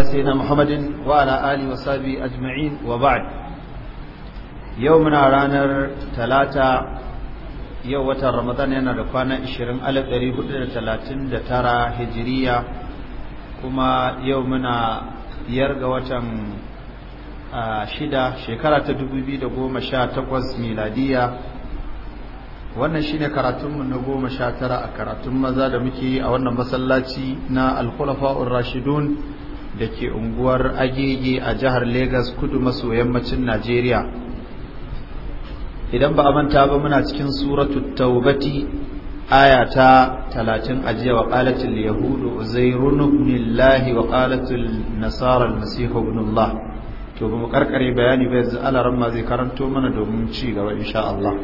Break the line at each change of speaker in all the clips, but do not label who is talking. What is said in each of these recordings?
على سيدنا محمد وعلى آله وصحبه أجمعين وبعد يومنا رانر ثلاثة yau watan ramadan yana da kwana 20,439 hijiriya kuma yau muna biyar ga watan shida shekara ta sha 2018 miladiya wannan shine karatunmu na goma sha tara a karatun maza da muke a wannan masallaci na alkulafa'ur rashidun da ke unguwar agege a jihar Legas kudu maso yammacin Najeriya idan ba a manta ba muna cikin suratu taubati aya ta talatin a jiya wa qalatul yahudu uzairun ibn Allah wa qalatul nasara al to ba mu karkare bayani ba zai alaran ma zai karanto mana domin ci gaba insha Allah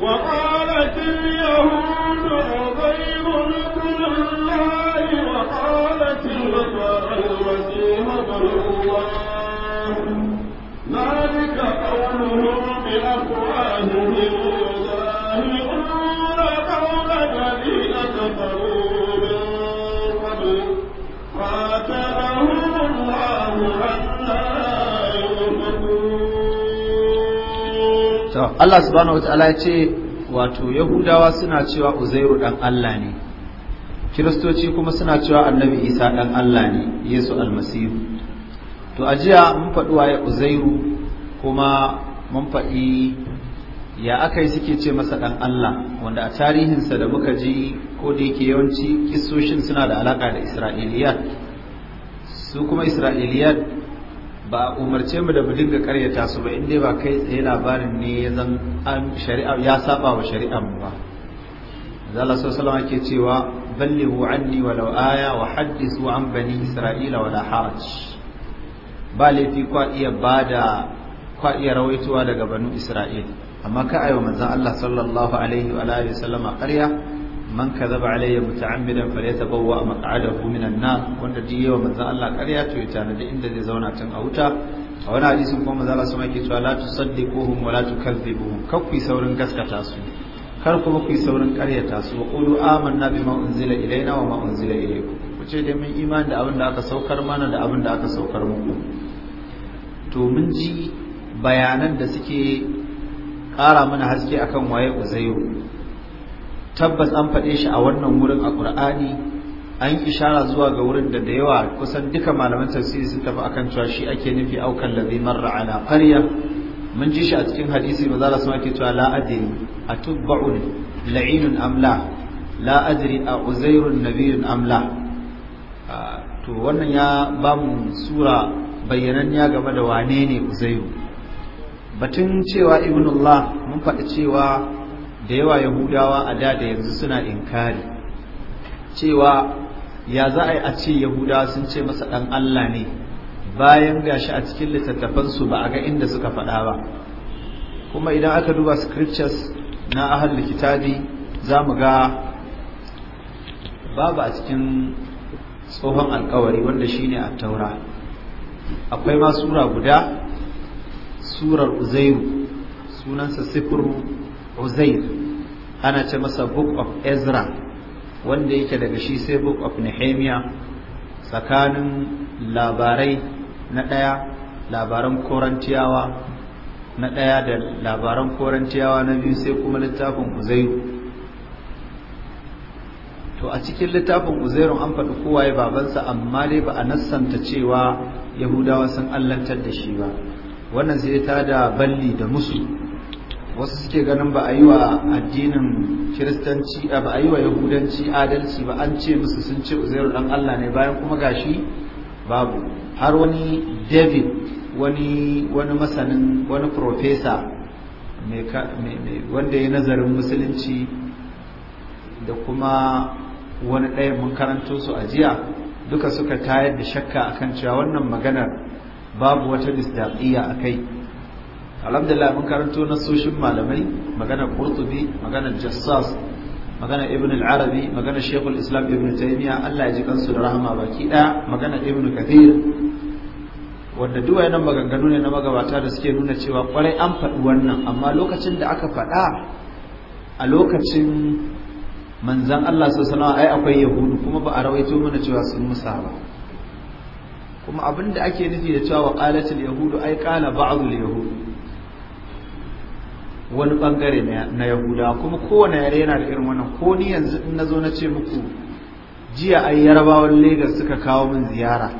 وقالت اليهود عزير ابن الله وقالت النصارى المسيح ابن الله ذلك قولهم بأفواههم
Allah subhanahu wataala ya ce wato Yahudawa suna cewa Uzairu dan Allah ne Kiristoci kuma suna cewa Annabi Isa dan Allah ne Yesu almasihu to a jiya mun faɗi waye Uzairu kuma mun faɗi ya aka yi suke ce masa dan Allah wanda a tarihinsa da muka ji ko da yake yawanci kisoshin suna da alaka da Isra'iliyat su kuma Isra'iliyat ba umarce mu da mu dinga karyata su ba inda ba kai tsaye labarin ne ya zan an shari'a ya saba wa shari'a mu ba zalla sallallahu alaihi cewa ballihu anni walau aya wa hadithu an bani isra'ila wala haraj ba laifi kwa iya bada kwa iya rawaitowa daga banu isra'ila amma ka ayo manzon Allah sallallahu alaihi wa alihi wasallama ƙarya man kadhaba alayya muta'ammidan falyatabawwa maq'adahu minan nar wanda ji yawa manzon Allah ƙarya to ya tanadi inda zai zauna tun a wuta a wani hadisin kuma manzon Allah sama yake cewa la tusaddiquhum wa la tukazzibuhum kar ku saurin gaskata su kar kuma kuyi saurin ƙaryata su wa qulu amanna bima unzila ilaina wa ma unzila ilaykum ku ce dai mun imani da abin da aka saukar mana da abin da aka saukar muku to mun ji bayanan da suke ƙara mana haske akan waye uzairu tabbas an faɗe shi a wannan wurin a ƙur'ani an yi ishara zuwa ga wurin da da yawa kusan duka malaman tafsiri sun tafi akan cewa shi ake nufi aukan ladhi marra ala qarya mun ji shi a cikin hadisi maza Allah sama ke cewa la adri atubbaun la'inun amla la a uzairun nabiyun amla to wannan ya ba mu sura bayyananniya game da wane ne uzairu batun cewa ibnullah mun faɗi cewa da yawa yahudawa a da da yanzu suna inkari cewa ya za a yi a ce yahudawa sun ce masa ɗan Allah ne bayan gashi a cikin littattafansu ba a ga inda suka faɗa ba kuma idan aka duba scriptures na ahal kitabi za mu ga babu a cikin tsohon alkawari wanda shine a taura akwai ma sura guda surar uzairu sunansa sifiru uzair ana ce masa book of ezra wanda yake daga shi sai book of nehemiah tsakanin labarai na ɗaya labaran korantiyawa na ɗaya da labaran korantiyawa na biyu sai kuma littafin uzairu to a cikin littafin uzairun an faɗi kowaye babansa amma dai ba a nassanta cewa yahudawa sun allantar da shi ba wannan sai ta da balli da musu wasu suke ganin ba a yi wa addinin kiristanci ba a yi wa yahudanci adalci ba an ce musu sun ce uzairu dan Allah ne bayan kuma gashi babu har wani david wani wani masanin wani profesa wanda ya nazarin musulunci da kuma wani ɗaya mun karanto su a jiya duka suka tayar da shakka akan cewa wannan maganar babu wata disdaqiya a kai alhamdulillah mun karanto nasoshin malamai magana qurtubi magana jassas magana ibn al-arabi magana shaykh al-islam ibn taymiya Allah ya ji kansu da rahama baki daya magana ibn kathir wanda duk wayannan maganganu ne na magabata da suke nuna cewa kwarai an faɗi wannan amma lokacin da aka faɗa a lokacin manzan Allah sallallahu ai akwai yahudu kuma ba a rawaito mana cewa sun musa ba kuma abinda ake nufi da cewa qalatul yahudu ai qala ba'dul yahudu wani bangare na yahuda kuma kowane yare yana da irin wannan ko ni yanzu in nazo na ce muku jiya ai yarabawan Legas suka kawo min ziyara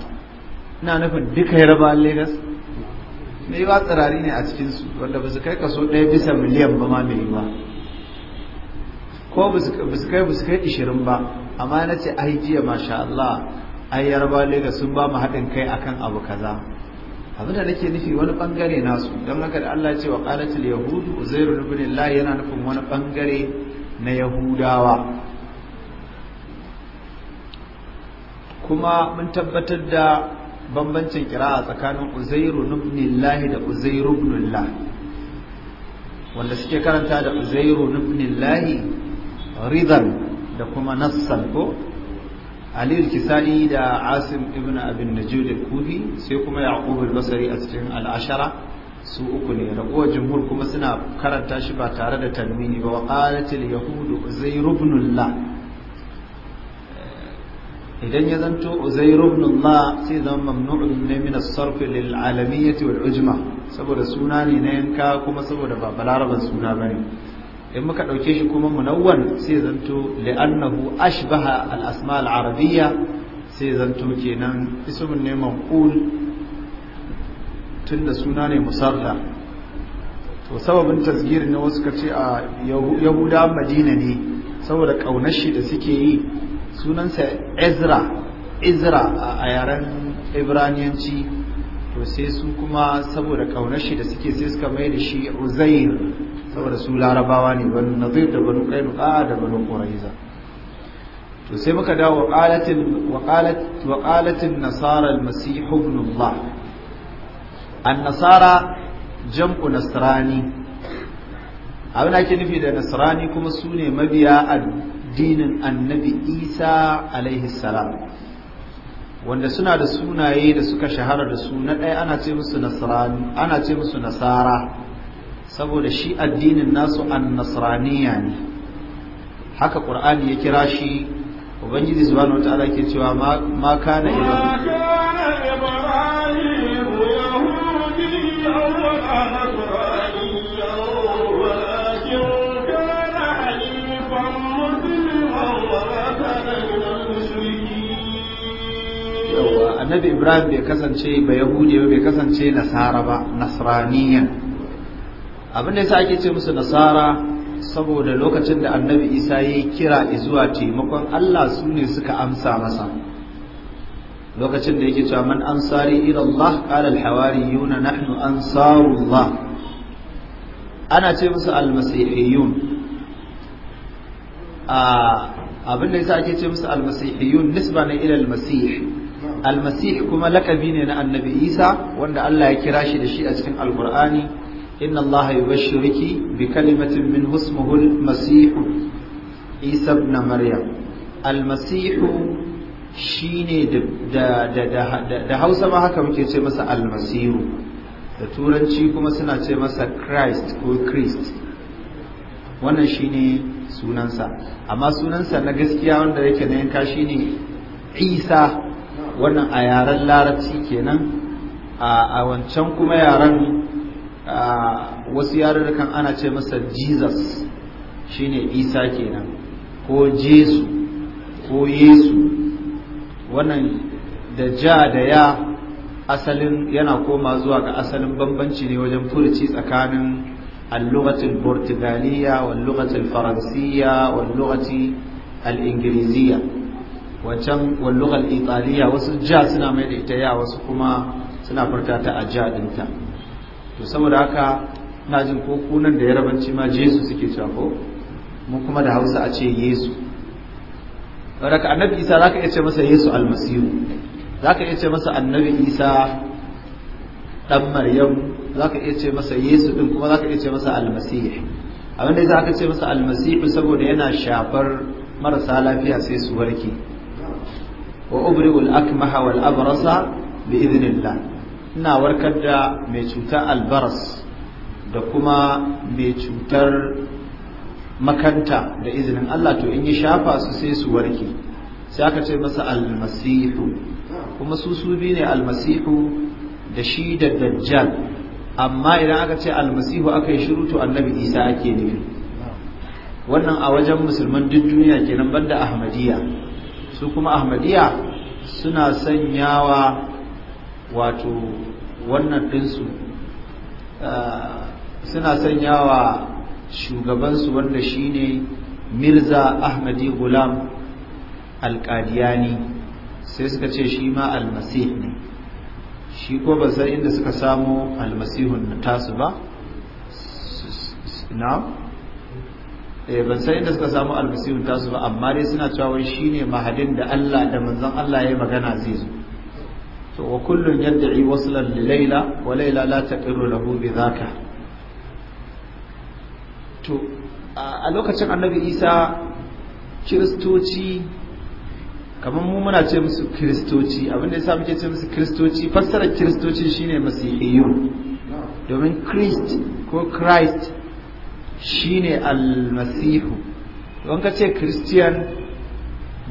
ina nufin duka yarabawan Legas? me ba tsirari ne a cikinsu wanda ba su kai kaso ɗaya bisa miliyan ba ma mai ba
ko ba su kai ba su kai ishirin ba amma na ce ai jiya masha Allah ai yarabawan Legas
sun ba mu haɗin kai akan abu kaza abinda nake nufi wani bangare nasu don haka da Allah ce wa yahudu uzairu ibn yana nufin wani bangare na yahudawa kuma mun tabbatar da bambancin kira'a tsakanin uzairu ibn da uzairu ibn wanda suke karanta da uzairu ibn Allah ridan da kuma nassan ko aliyu kisani da asim ibn abin najud al sai kuma yaqub al a cikin al'ashara su uku ne ragowar jumhur kuma suna karanta shi ba tare da tanwini ba wa qalatil yahud uzair idan ya zanto uzair sai zama mamnu'un ne min as-sarf lil alamiyyah wal ujma saboda suna ne na yanka kuma saboda ba balaraban suna bane in muka ɗauke shi kuma munawwan sai zanto li'annahu ashbaha al-asma al-arabiyya sai zanto kenan ismun ne manqul tunda suna ne musarra to sababin tasgirin ne wasu kace a yahuda madina ne saboda kaunar shi da suke yi sunansa ezra ezra a yaren ibraniyanci to sai su kuma saboda kaunar shi da suke sai suka mai da shi uzair saboda su larabawa ne ban nazir da banu qainuqa da banu quraiza to sai muka dawo waƙalatin nasara al-masih ibn Allah an-nasara jam'u nasrani abin ake nufi da nasrani kuma su ne mabiya addinin annabi isa alaihi salam wanda suna da sunaye da suka shahara da su na ɗaya ce ana ce musu nasara saboda shi addinin nasu annasraniya ne haka qur'ani ya kira shi ubangiji subhanahu wataala ke cewa ma kana annabi ibrahim bai kasance ba yahudi ba bai kasance nasara ba nasraniyan abin da ya yasa ake ce musu nasara saboda lokacin da annabi isa ya kira zuwa taimakon allah su ne suka amsa masa lokacin da yake cewa man ansari ila allah qala al hawariyun nahnu ansarullah ana ce musu al masihiyun a abin da yasa ake ce musu al masihiyun nisba ne ila al masih al masih kuma lakabi ne na annabi isa wanda allah ya kira shi da shi a cikin al alqur'ani إن الله يبشرك بكلمة منه اسمه المسيح عيسى ابن مريم المسيح shine da da Hausa ma haka muke ce masa almasihu da turanci kuma suna ce masa Christ ko Christ wannan shine sunansa amma sunansa na gaskiya wanda yake na yanka shine Isa wannan a yaren larabci kenan a wancan kuma yaren wasu yarurrukan ana ce masa jesus shine isa kenan ko jesu ko yesu wannan da ja da ya asalin yana koma zuwa ga asalin bambanci ne wajen furuci tsakanin allugatul portugaliya wallugatul faransiya wallugati al'ingiliziya wancan wallugar italiya wasu ja suna mai da ita ya wasu kuma suna furta ta a ja ɗinta to saboda haka na jin ko kunan da yarabanci ma jesu suke cewa ko mu kuma da hausa a ce yesu ka annabi isa za ka iya ce masa yesu almasihu ka iya ce masa annabi isa dan maryam ka iya ce masa yesu din kuma za ka iya ce masa almasih abinda za ka ce masa almasihu saboda yana shafar marasa lafiya sai su warke wa ubri'ul akmaha wal abrasa bi idnillah ina warkar da mai cutar albaras da kuma mai cutar makanta da izinin Allah to in yi shafa su sai su warke sai aka ce masa almasihu kuma su su bi ne almasihu da shi da dajjal amma idan aka ce almasihu aka yi shiru to annabi isa ake nufi wannan a wajen musulman duk duniya kenan banda ahmadiyya su kuma ahmadiyya suna sanyawa wato wannan dinsu suna sanyawa shugabansu wanda shine mirza ahmadi gulam alkadiyani sai suka ce shi ma almasih ne shi ko ba san inda suka samo almasihun na tasu ba na eh, ban san inda suka samu almasihun tasu ba amma dai suna cewa shi ne mahadin da allah da manzon allah ya yi magana zai zo to wa kullun yad'i waslan li layla wa layla la taqirru lahu bi dhaka to a lokacin annabi isa kiristoci kamar mu muna ce musu kiristoci abinda yasa muke ce musu kiristoci fassarar kiristoci shine masihiyun domin christ ko christ shine almasihu don ka ce christian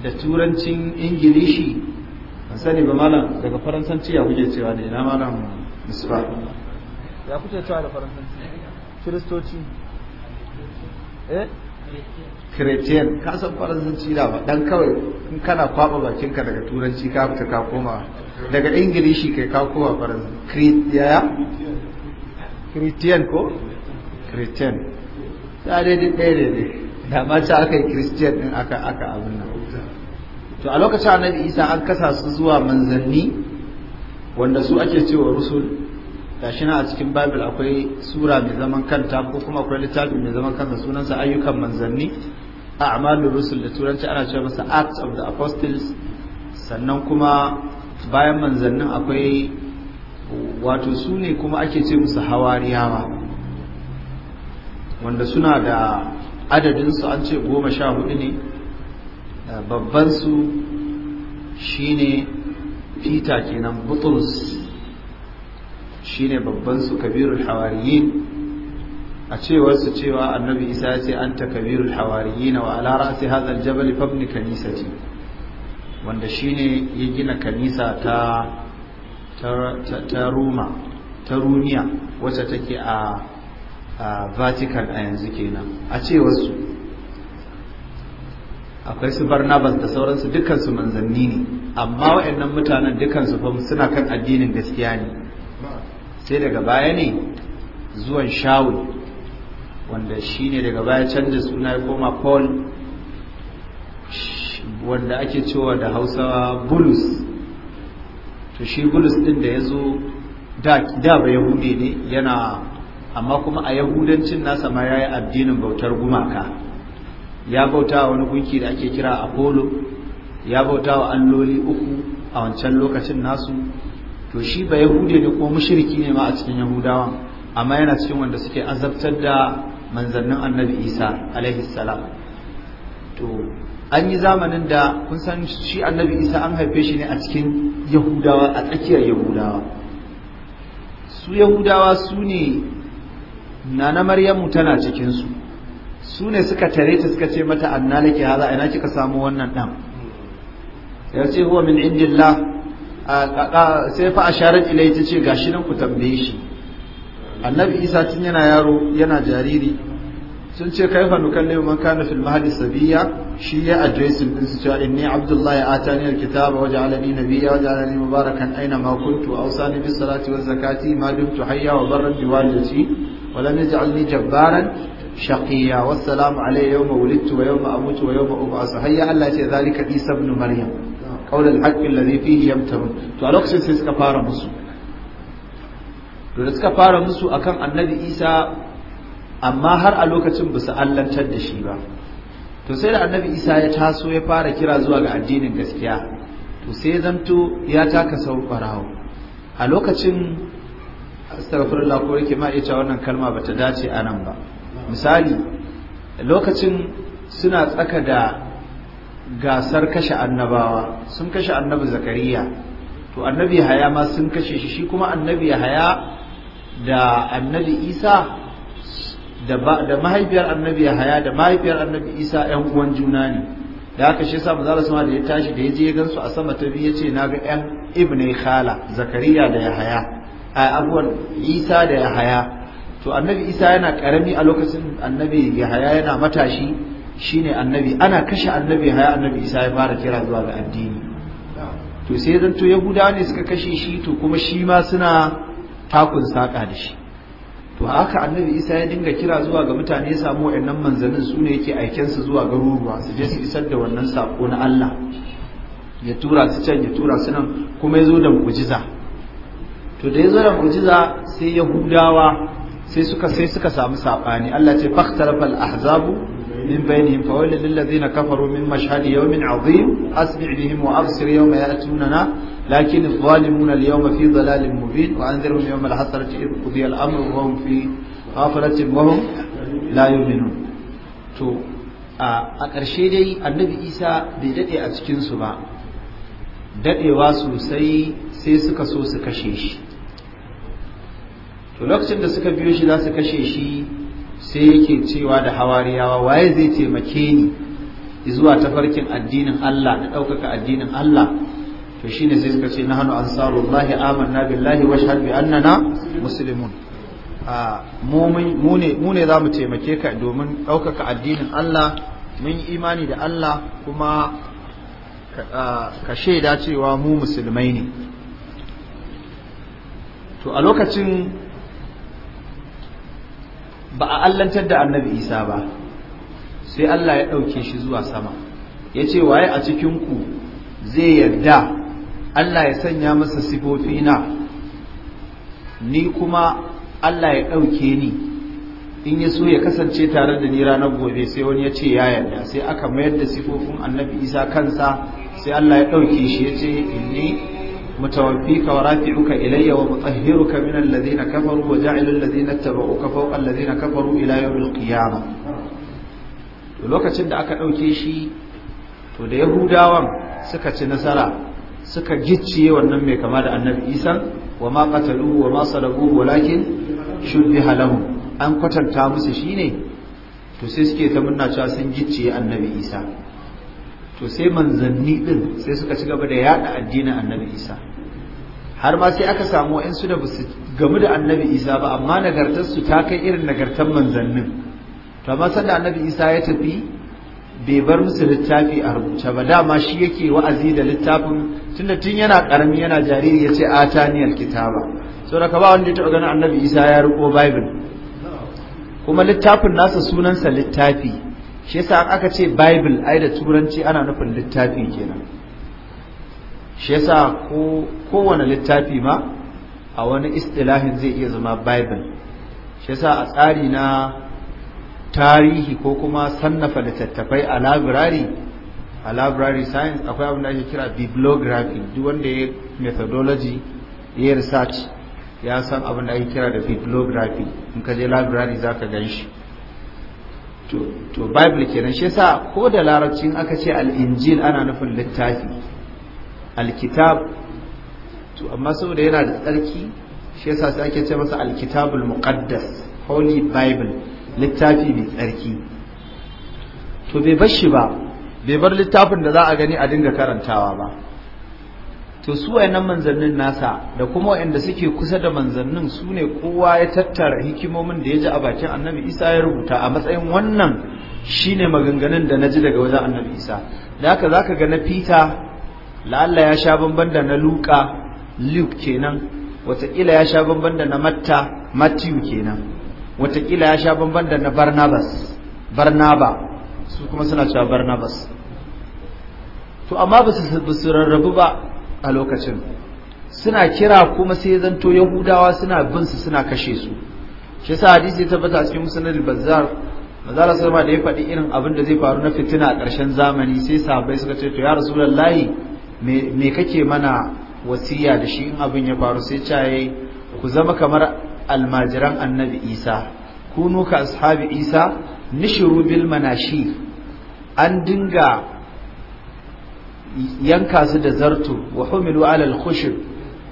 da turancin ingilishi ban sani ba malam daga faransanci ya kuke cewa ne na malam misra ya kuke cewa da faransanci kiristoci eh kretiyan ka san faransanci da ba dan kawai in kana kwaba bakinka daga turanci ka fita ka koma daga ingilishi kai ka koma faransanci kretiya kretiyan ko kretiyan ta dai dai dai da ma ci aka yi kretiyan din aka aka abin nan to a lokacin annabi isa an kasa su zuwa manzanni wanda su ake cewa rusul gashi na a cikin babil akwai sura mai zaman kanta ko kuma akwai littafi mai zaman kanta sunansa ayyukan manzanni a amalin rusul da turanci ana cewa masa acts of the apostles sannan kuma bayan manzannin akwai wato su ne kuma ake ce musu hawariyawa wanda suna da adadinsu an ce goma sha hudu ne babban su shine peter kenan butrus shine babban su kabirul hawariyin a cewar su cewa annabi isa ya ce Kabiru kabirul hawariyin wa ala ra'si hadha aljabal fabni kanisati wanda shine ya gina kanisa ta ta Roma ta Rumiya wacce take a Vatican a yanzu kenan a cewar su akwai su barnabas da sauransu dukansu manzanni ne amma waɗannan mutanen dukansu fa suna kan addinin gaskiya ne sai daga baya ne zuwan shawul wanda shi ne daga baya canza suna ya koma paul wanda ake cewa da hausa bulus to shi bulus ɗin da ya zo da ba yahude ne yana amma kuma a yahudancin nasa ma ya yi addinin bautar gumaka ya bauta wa wani gunki da ake kira apollo ya bauta wa alloli uku a wancan lokacin nasu to shi ba yahude ne ko mushriki ne ma a cikin Yahudawa. amma yana cikin wanda suke azabtar da manzannin annabi isa alaihi salam to an yi zamanin da kun san shi annabi isa an haife shi ne a cikin yahudawa a tsakiyar yahudawa su yahudawa su ne nana maryamu tana cikinsu su ne suka tare ta suka ce mata anna laki haza ina kika samu wannan dan Ya ce huwa min indillah sai fa asharat ilai ta ce gashi nan ku tambaye shi annabi isa tun yana yaro yana jariri sun ce kai fa nukallimu man kana fil mahdi sabiya shi ya addressin din su cewa inni abdullahi atani alkitaba wa ja'alani nabiyya wa ja'alani mubarakan aina ma kuntu awsani bis salati waz zakati ma dumtu hayya wa barran bi walidati wa lam yaj'alni jabbaran shaqiya wassalamu alayhi yawma wulidtu wa yawma amutu wa yawma ub'asu hayya Allah ce zalika Isa ibn Maryam qawl al-haqq alladhi fihi yamtarun to a lokacin sai suka fara musu to da suka fara musu akan Annabi Isa amma har a lokacin ba su allantar da shi ba to sai da Annabi Isa ya taso ya fara kira zuwa ga addinin gaskiya to sai zanto ya taka sau farawo a lokacin astaghfirullah ko yake ma ita wannan kalma bata dace a nan ba misali lokacin suna tsaka da gasar kashe annabawa sun kashe annabi zakariya to annabi haya ma sun kashe shi shi kuma annabi haya da annabi isa da mahaifiyar annabi haya da mahaifiyar annabi isa yan uwan juna ne da haka shi samu zara sama da ya tashi da ya je gan su a sama ta biyu ya ce na ga yan Ibnai khala zakariya da yahaya a abuwan isa da yahaya to annabi isa yana karami a lokacin annabi yahaya yana matashi shine annabi ana kashe annabi yahaya annabi isa ya fara kira zuwa ga addini to sai to yahudawa ne suka kashe shi to kuma shi ma suna takun saka da shi to haka annabi isa ya dinga kira zuwa ga mutane ya samu wayannan manzannin su ne yake aiken su zuwa garuruwa su je su isar da wannan sako na Allah ya tura su can ya tura su nan kuma ya zo da mu'jiza to da ya zo da mu'jiza sai yahudawa sai suka sai suka samu sabani Allah ce fahtarafa al-ahzabu min bainihim fa wailul lil ladzina kafaru min mashhadi yawmin azim asmi' bihim wa absir yawma ya'tunana lakin adh-dhalimuna al-yawma fi dhalalin mubin wa anzirhum yawma al-hasrati idh qudiya al-amru wa hum fi ghaflatin wa hum la yu'minun to a karshe dai annabi Isa bai dade a cikin su ba dadewa sosai sai suka so su kashe shi to lokacin da suka biyo shi za su kashe shi sai yake cewa da hawariyawa waye zai taimake ni zuwa tafarkin addinin Allah da ɗaukaka addinin Allah to shine sai suka ce nahnu ansarullahi amanna billahi wa shahadu annana muslimun mu ne za mu taimake ka domin ɗaukaka addinin Allah mun yi imani da Allah kuma ka shaida cewa mu musulmai ne to a lokacin ba a allantar da annabi isa ba sai allah ya ɗauke shi zuwa sama ya ce waye a cikinku zai yarda allah ya sanya masa sifofina? ni kuma allah ya ɗauke ni in ya so ya kasance tare da ni ranar gobe sai wani ya ce ya yarda sai aka mayar da sifofin annabi isa kansa sai allah ya ɗauke shi ya ce inni متوفيك ورافعك إلي ومطهرك من الذين كفروا وجعل الذين اتبعوك فوق الذين كفروا إلى يوم القيامة lokacin da aka ɗauke shi to da yahudawan suka ci nasara suka gicciye wannan mai kama da annabi isa wa ma qataluhu wa ma salabuhu walakin shubbiha lahum an kwatanta musu shine to sai suke ta munna cewa sun gicciye annabi isa to sai manzanni din sai suka ci gaba da yada addinin annabi isa har ma sai aka samu wa'insu da basu gamu da annabi isa ba amma nagartarsu ta kai irin nagartar manzannin to amma sanda annabi isa ya tafi bai bar musu littafi a rubuce ba dama shi yake wa'azi da littafin tunda tun yana karami yana jariri ya ce ataniyar kitaba saboda ka ba wanda ya taɓa ganin annabi isa ya riko bible kuma littafin nasa sunansa littafi shi yasa aka ce bible ai da turanci ana nufin littafi kenan shi yasa ko kowane littafi ma a wani istilahin zai iya zama bible shi yasa a tsari na tarihi ko kuma sannafa littattafai a labirari a library science akwai abin da ake kira bibliography duk wanda ya methodology ya research ya san abin da ake kira da bibliography in ka je library za ka gan shi to bible kenan shi yasa ko da larabcin aka ce al-injil ana nufin littafi al-kitab to amma saboda yana da tsarki shi yasa sai ake ce masa al-kitabul muqaddas holy bible littafi mai tsarki to bai bar shi ba bai bar littafin da za a gani a dinga karantawa ba to su wayannan manzannin nasa da kuma wayanda suke kusa da manzannin su ne kowa ya tattara hikimomin da ya ji a bakin annabi isa ya rubuta a matsayin wannan shine maganganun da na ji daga wajen annabi isa da haka za ka ga na peter la'alla ya sha bamban da na luka luke kenan watakila ya sha bamban da na matta matthew kenan watakila ya sha bamban da na barnabas barnaba su kuma suna cewa barnabas to amma ba su rarrabu ba a lokacin suna kira kuma sai zanto yahudawa suna bin su suna kashe su shi yasa hadisi ya tabbata a cikin musnad al-bazzar da ya faɗi irin abin da zai faru na fitina a ƙarshen zamani sai sahabbai suka ce to ya rasulullahi me kake mana wasiya da shi in abin ya faru sai caye ku zama kamar almajiran annabi isa kunu ka ashabi isa nishru bil manashi an dinga yanka su da zarto wa humilu alal khushr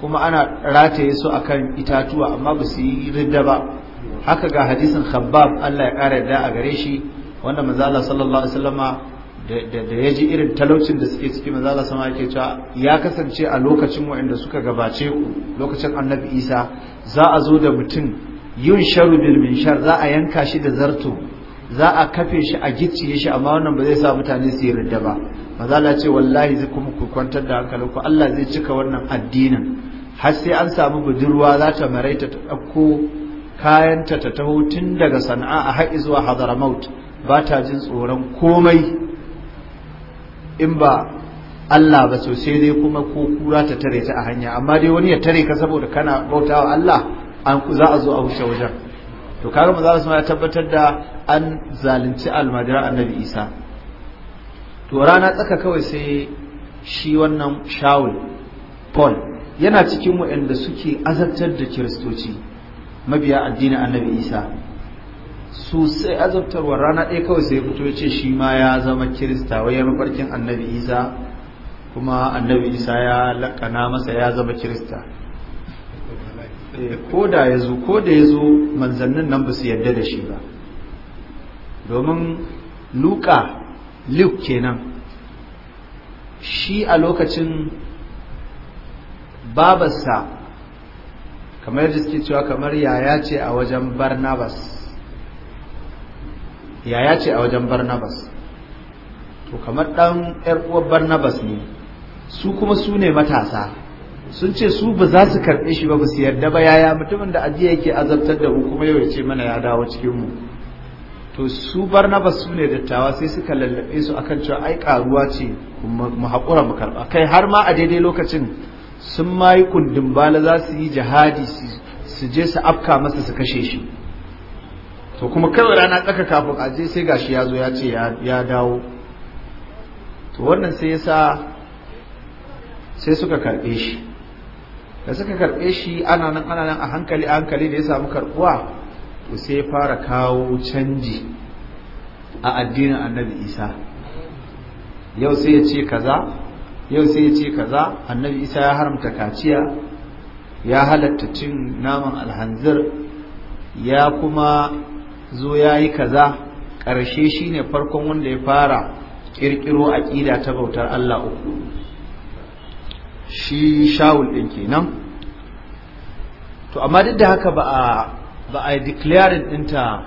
kuma ana rataye su akan itatuwa amma ba su yi ridda ba haka ga hadisin khabbab Allah ya kara da a gare shi wanda manzo Allah sallallahu alaihi wasallama da ya ji irin talaucin da suke ciki manzo Allah sama yake cewa ya kasance a lokacin waɗanda suka gabace ku lokacin Annabi Isa za a zo da mutum yun sharu bil shar za a yanka shi da zarto za a kafe shi a gicciye shi amma wannan ba zai sa mutane su yi ridda ba mazala ce wallahi zai kuma ku kwantar da ko Allah zai cika wannan addinin har sai an samu budurwa za ta maraita ta ɗauko kayanta ta taho tun daga sana'a a haƙi zuwa hadramaut ba ta jin tsoron komai in ba Allah ba sosai dai kuma ko kura ta tare ta a hanya amma dai wani ya tare ka saboda kana bautawa Allah an za a zo a wuce wajen to kaga manzo Allah ya tabbatar da an zalunci almajiran annabi Isa to rana tsaka kawai sai shi wannan shawul paul yana cikin waɗanda suke azabtar da kiristoci mabiya addinin annabi isa sosai azabtarwa rana ɗaya kawai sai fito ce shi ma ya zama kirista wai ya mafarkin annabi isa kuma annabi isa ya laƙana masa ya zama kirista eh, ko da ya zo ko da ya zo manzannin nan ba su yarda da shi ba domin luka luke kenan shi a lokacin babarsa kamar da suke cewa kamar yaya ce a wajen barnabas yaya ce a wajen barnabas to kamar ɗan uwar barnabas ne su kuma su ne matasa sun ce su ba za su karɓe shi ba ba su yarda ba yaya mutumin da ajiya yake azabtar da mu kuma yau ya ce mana ya dawo cikinmu to su barnabas su ne dattawa sai suka lallabe su akan cewa ai karuwa ce mu haƙura mu karɓa kai har ma a daidai lokacin sun ma yi kundin bala za su yi jihadi su je su afka masa su kashe shi to kuma kawai rana tsaka kafin a je sai gashi ya zo ya ce ya dawo to wannan sai yasa sai suka karɓe shi da suka karɓe shi ana nan ana nan a hankali a hankali da ya samu karɓuwa ku sai ya fara kawo canji a addinin annabi isa yau sai ya ce kaza yau sai ya ce kaza annabi isa ya haramta kaciya ya halatta cin naman alhanzir ya kuma zo ya yi kaza ƙarshe shine farkon wanda ya fara ƙirƙiro aƙida ta bautar Allah uku shi shawul ɗin kenan to amma duk da haka ba a ba a declaring ɗinta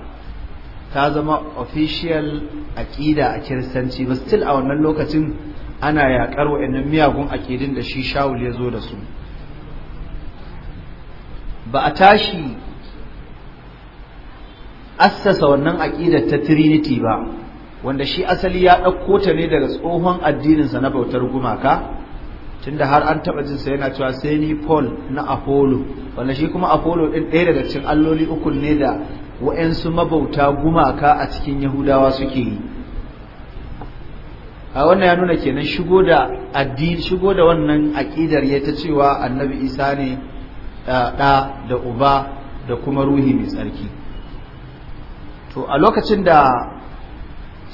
ta zama official aƙida a kiristanci ba still a wannan lokacin ana yaƙar wa'annan miyagun aƙidin da shi shawul ya zo da su ba a tashi assasa wannan aƙidar ta trinity ba wanda shi asali ya ɗauko ta ne daga tsohon addininsa na bautar gumaka tunda har an taba jinsa yana cewa sai ni Paul na Apollo wanda shi kuma Apollo din ɗaya daga cikin alloli uku ne da wa'ansu mabauta gumaka a cikin Yahudawa suke yi a wannan ya nuna kenan shigo da addini shigo da wannan aqidar ya ta cewa Annabi Isa ne da da uba da kuma ruhi mai tsarki to a lokacin da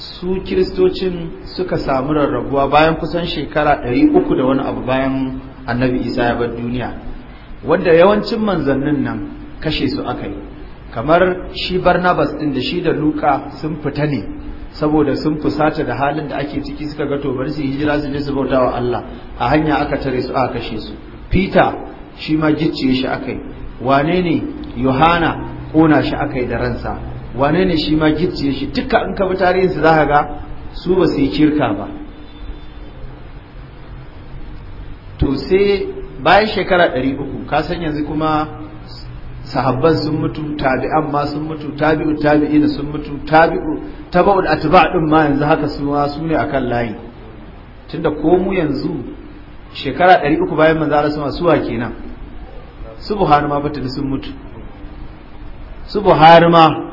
su kiristocin suka samu rarrabuwa bayan kusan shekara 300 da wani abu bayan annabi isa ya bar duniya wanda yawancin manzannin nan kashe su aka yi kamar shi barnabas din da shi da luka sun fita ne saboda sun fusata da halin da ake ciki suka ga to su su hijira su je su bauta wa Allah a hanya aka tare su aka kashe su peter shi ma gicciye shi aka yi wane ne yohana kona shi aka yi da ransa wane ne shi ma gicciye shi duka in ka bi tarihinsu za ka ga su ba su yi kirka ba to sai bayan shekara 300 ka san yanzu kuma sahabban sun mutu tabi'an ma sun mutu tabi'u tabi'ina sun mutu tabi'u tabaul atba din ma yanzu haka su ma su ne akan layi tunda ko mu yanzu shekara 300 bayan manzo Allah su wa kenan su Buhari ma fata sun mutu su Buhari ma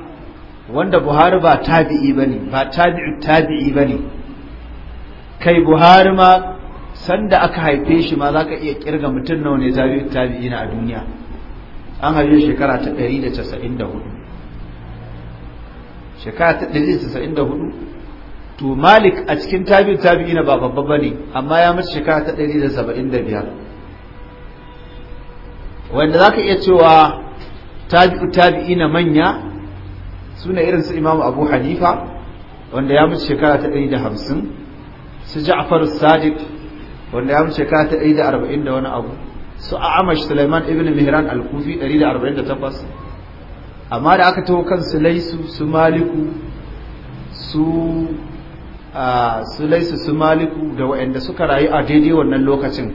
wanda buhari ba tabi'i bane ba tabi'u tabi'i bane kai buhari ma sanda aka haife shi ma zaka iya kirga mutum nawa ne tabi'u tabi'i na a duniya an haife shekara ta 194 shekara ta 194 to malik a cikin tabi'u tabi'i na ba babba bane amma ya mace shekara ta 175 wanda zaka iya cewa tabi'u tabi'i na manya Suna irin su imamu abu hanifa wanda ya mutu shekara ta ɗari da hamsin su ja'far sadiq wanda ya mutu shekara ta ɗari da arba'in da wani abu su a'amash sulaiman ibn mihran al-kufi ɗari da arba'in da takwas amma da aka taho kan su laisu su maliku su su laisu su maliku da waɗanda suka rayu a daidai wannan lokacin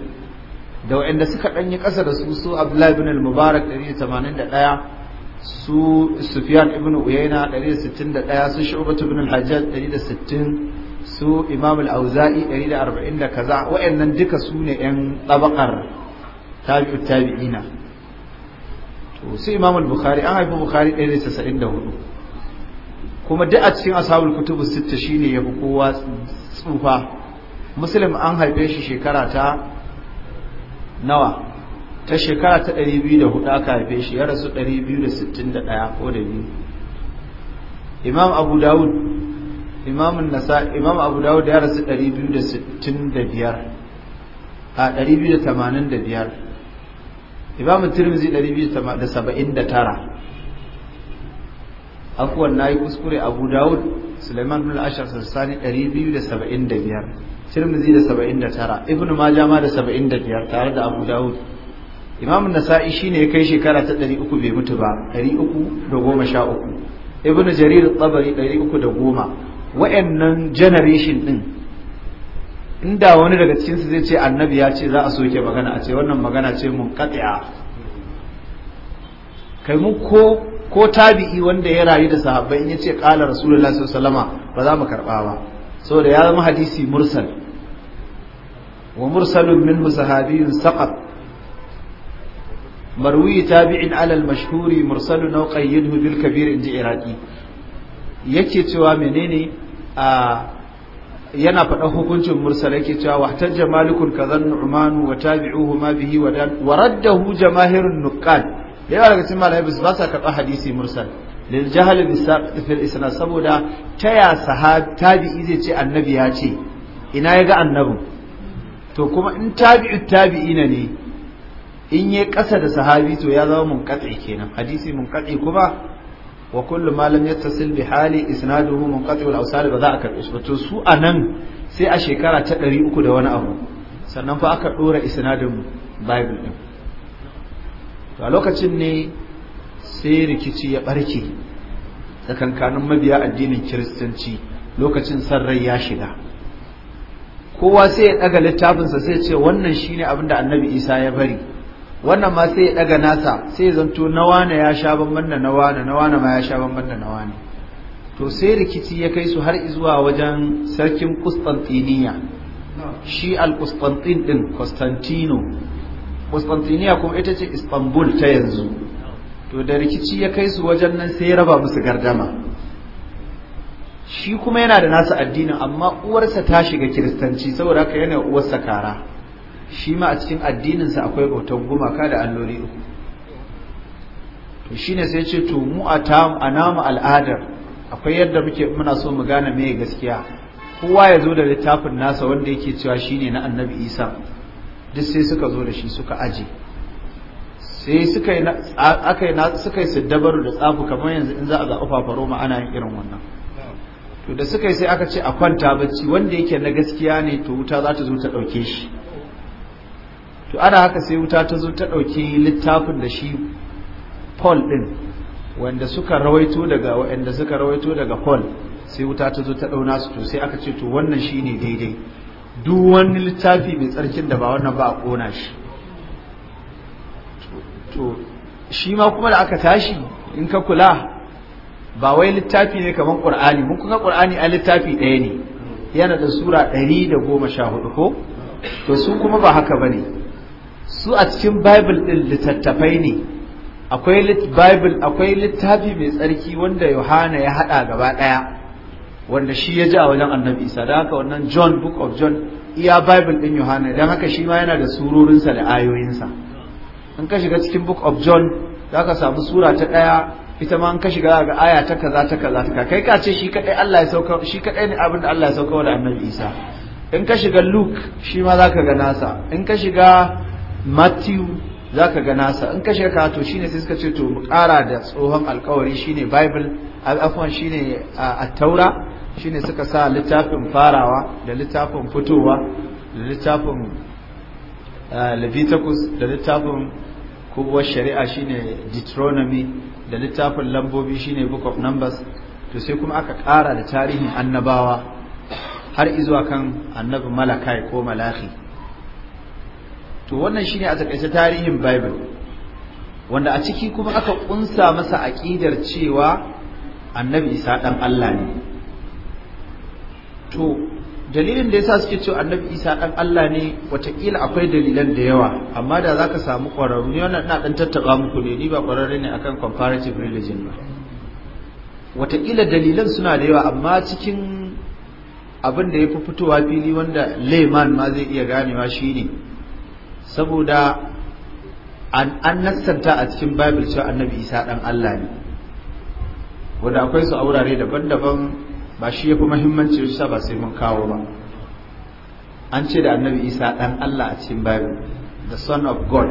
da waɗanda suka ɗanyi ƙasa da su su abdullahi ibn al-mubarak ɗaya. su Sufyan ibn Uyayna 161 su Shu'bah ibn al-Hajjaj 160 su Imam al-Auza'i 140 da kaza wayannan duka su ne ɗan tabaqar tabi'u tabi'ina to su Imam al-Bukhari an haifi Bukhari 194 kuma duk a cikin ashabul kutubu sitta shine yafi kowa tsufa Muslim an haife shi shekara ta nawa ta shekara ta 204 aka haife shi ya rasu 261 ko da biyu imam abu dawud imam nasa imam abu dawud ya rasu 265 a 285 imam tirmidhi 279 afwan nayi kuskure abu dawud suleiman bin ashar sassani 275 tirmidhi da 79 ibnu majama da 75 tare da abu dawud imam nasa'i shine ya kai shekara ta 300 bai mutu ba 313 Ibn jarir al tabari 310 wa'annan generation din inda wani daga cikin su zai ce annabi ya ce za a soke magana a ce wannan magana ce mun qati'a kai mu ko ko tabi'i wanda ya rayu da sahabbai in yace qala rasulullahi sallallahu alaihi wasallama ba za mu karba ba saboda ya zama hadisi mursal wa mursalun min sahabiyun saqat marwi tabi'in alal mashhuri mursalu nau qayyidhu bil kabir inji iraqi yake cewa menene a yana faɗa hukuncin mursal yake cewa wahtajja malikun kazan nu'manu wa tabi'uhu ma bihi wa dan wa raddahu jamaahirun nuqad yawa daga cikin malamai ba sa karɓa hadisi mursal lil jahl fil isnad saboda taya sahab tabi'i zai ce annabi ya ce ina ya ga annabin to kuma in tabi'u tabi'ina ne in yi ƙasa da sahabi to ya zama mun munqati kenan hadisi mun munqati kuma wa kullu malam lam yattasil bi hali isnaduhu munqati wal awsal ba za a karbi ba to su a nan sai a shekara ta ɗari uku da wani abu sannan fa aka dora isnadin bible din to a lokacin ne sai rikici ya barke tsakankanin mabiya addinin kiristanci lokacin sarrai ya shiga kowa sai ya daga littafinsa sai ce wannan shine abin da annabi isa ya bari wannan ma sai ya daga nasa sai zanto na wane ya sha banban da na wane na wane ma ya sha banban da na wane to sai rikici ya kai su har zuwa wajen sarkin Kustantiniya. shi al-Constantin din Constantino kuma ita ce Istanbul ta yanzu to da rikici ya kai su wajen nan sai ya raba musu gardama shi kuma yana da nasa addinin amma uwarsa ta shiga kiristanci saboda haka yana uwarsa kara shi ma a cikin addininsa akwai bautar gumaka da alloli uku to shi ne sai ce to mu a namu al'adar akwai yadda muke muna so mu gane mai gaskiya kowa ya zo da littafin nasa wanda yake cewa shi ne na annabi isa duk sai suka zo da shi suka aje sai suka yi aka suka da tsafu kamar yanzu in za a zaɓi fafaroma ana yin irin wannan to da suka yi sai aka ce a kwanta bacci wanda yake na gaskiya ne to wuta za ta zo ta ɗauke shi to ana haka sai wuta ta zo ta ɗauki littafin da shi paul ɗin wanda suka rawaito daga wanda suka rawaito daga paul sai wuta ta zo ta ɗauna su to sai aka ce to wannan shi ne daidai duk wani littafi mai tsarkin da ba wannan ba a ƙona shi to shi ma kuma da aka tashi in ka kula ba wai littafi ne kamar ƙur'ani mun kuka ƙur'ani a littafi ɗaya ne yana da sura ɗari da goma sha hudu ko to su kuma ba haka ba ne su a cikin bible din littattafai ne akwai bible akwai littafi mai tsarki wanda yohana ya hada gaba daya. wanda shi ya ji a wajen annabi isa da haka wannan john book of john iya bible din yohana don haka shi ma yana da surorinsa da ayoyinsa in ka shiga cikin book of john za ka samu sura ta daya ita ma in ka shiga ga aya ta kaza ta kaza ta kai ka ce shi kadai Allah ya sauka shi kadai ne abin da Allah ya sauka wa annabi isa in ka shiga luke shi ma za ka ga nasa in ka shiga Matthew za ka ga nasa in ka sheka to shi ne sai suka ce to mu ƙara da tsohon alkawari shi ne bible afon shi ne a taura shi ne suka sa littafin farawa da littafin fitowa da littafin leviticus da littafin kubuwar shari'a shi ne deuteronomy da littafin lambobi shi ne book of numbers to sai kuma aka kara da tarihin annabawa har izuwa kan annabi malakai ko malaki to wannan shine a takaice tarihin bible wanda a ciki kuma aka kunsa masa aqidar cewa annabi isa dan Allah ne to dalilin da yasa suke cewa annabi isa dan Allah ne watakila akwai dalilan da yawa amma da zaka samu kwararru ne wannan ina dan tattaba muku ne ni ba kwararre ne akan comparative religion ba watakila dalilan suna da yawa amma cikin abin da ya fi fitowa fili wanda layman ma zai iya ganewa shine saboda an nassanta a cikin bible cewa annabi isa dan Allah ne wanda akwai su a wurare daban-daban ba shi ya fi mahimmanci sa ba sai mun kawo ba an ce da annabi isa dan Allah a cikin bible the son of god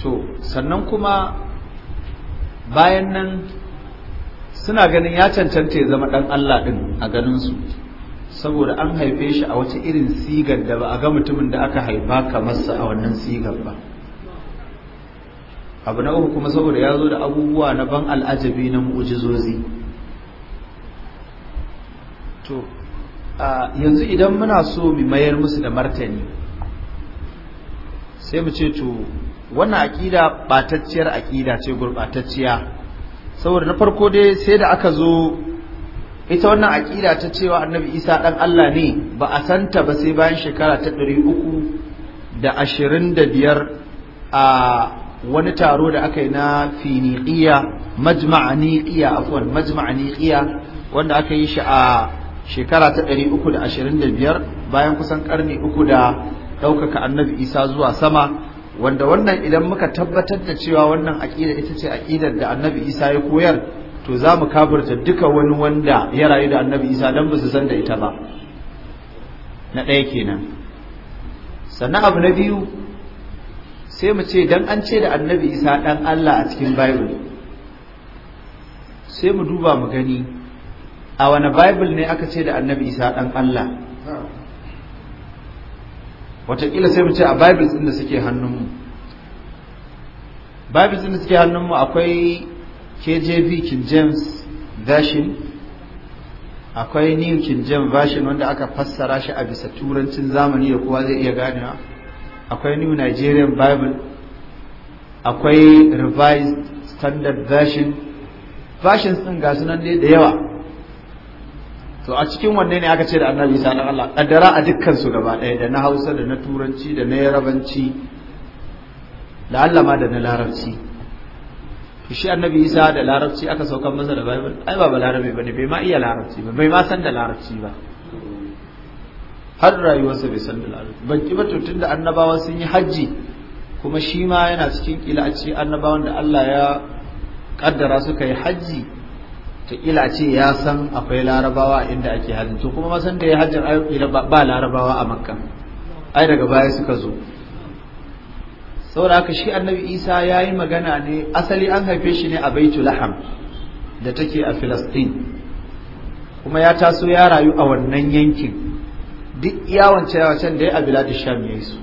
to sannan kuma bayan nan suna ganin ya cancanta ya zama dan Allah din a ganin su saboda an haife shi a wata irin sigar da ba a ga mutumin da aka haifa kamar sa a wannan sigar ba abu na uku kuma saboda ya zo da abubuwa na ban al'ajabi na mu'ujizozi to yanzu idan muna so mu mayar musu da martani sai mu ce to wannan aƙida ɓatacciyar aƙida ce gurɓatacciya saboda na farko dai sai da aka zo ita wannan aƙida ta cewa annabi isa ɗan Allah ne ba a santa ba sai bayan shekara ta ɗari uku da ashirin da biyar a wani taro da aka yi na finiƙiya majma'aniƙiya afwan majma'aniƙiya wanda aka yi shi a shekara ta ɗari uku da ashirin da biyar bayan kusan ƙarni uku da ɗaukaka annabi isa zuwa sama wanda wannan idan muka tabbatar da cewa wannan aƙida ita ce aƙidar da annabi isa ya koyar to za mu kafirta duka wani wanda ya rayu da annabi isa don ba su san da ita ba na ɗaya kenan sannan abu na biyu sai mu ce don an ce da annabi isa ɗan allah a cikin bible sai mu duba mu gani a wani bible ne aka ce da annabi isa ɗan allah watakila sai mu ce a bible ɗin da suke hannunmu bible ɗin da suke hannunmu akwai KJV King James Version akwai New King James Version wanda aka fassara shi a bisa turancin zamani da kowa zai iya ganewa akwai New Nigerian Bible akwai Revised Standard Version versions sun ga sunan dai da yawa to a cikin wanne ne aka ce da Annabi Isa Allah kaddara a dukkan su gaba ɗaya da na Hausa da na Turanci da na Yarabanci da Allah ma da na Larabci shi annabi isa da larabci aka saukar masa da bible ai ba balarabe bane bai ma iya larabci ba bai ma san da larabci ba har rayuwarsa bai san da larabci ban ki ba to tunda annabawa sun yi hajji kuma shi ma yana cikin kila a ce annabawan da Allah ya kaddara suka yi hajji ta kila ce ya san akwai larabawa inda ake hajji to kuma ma san da ya hajjin ai ba larabawa a makka ai daga baya suka zo saboda haka shi annabi isa ya yi magana ne asali an haife shi ne a baitu laham da take a filastin kuma ya taso ya rayu a wannan yankin duk yawance yawacen da ya a da sham ya yi su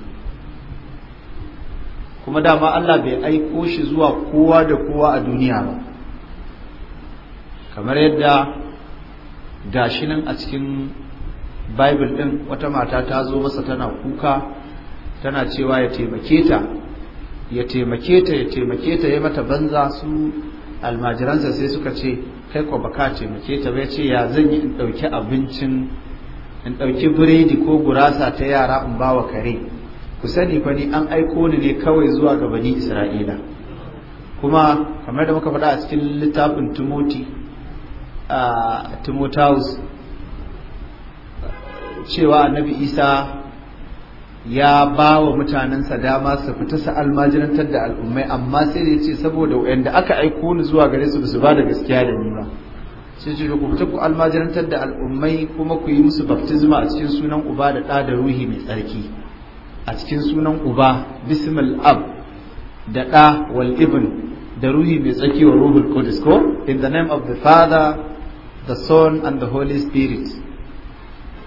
kuma dama allah bai aiko shi zuwa kowa da kowa a duniya ba kamar yadda gashi nan a cikin bible din wata mata ta zo masa tana kuka tana cewa ya taimake ta ya taimake ta ya taimake ta ya mata banza su almajiransa sai suka ce kai ko baka taimake ta bai ce ya zan yi in ɗauki abincin in ɗauki biredi ko gurasa ta yara in bawa kare ku sani fa ni an aiko ni ne kawai zuwa ga bani isra'ila kuma kamar da muka faɗa a cikin littafin timoti a timotaus cewa annabi isa ya ba wa mutanensa dama su fita su almajirantar da al'ummai amma sai da ya ce saboda wanda aka aiko ni zuwa gare su su ba da gaskiya da nuna. sai ce ku fita ku almajirantar da al'ummai kuma ku yi musu baptisma a cikin sunan uba da ɗa da ruhi mai tsarki a cikin sunan uba bismil ab da ɗa wal ibn da ruhi mai tsarki wa ruhul qudus ko in the name of the father the son and the holy spirit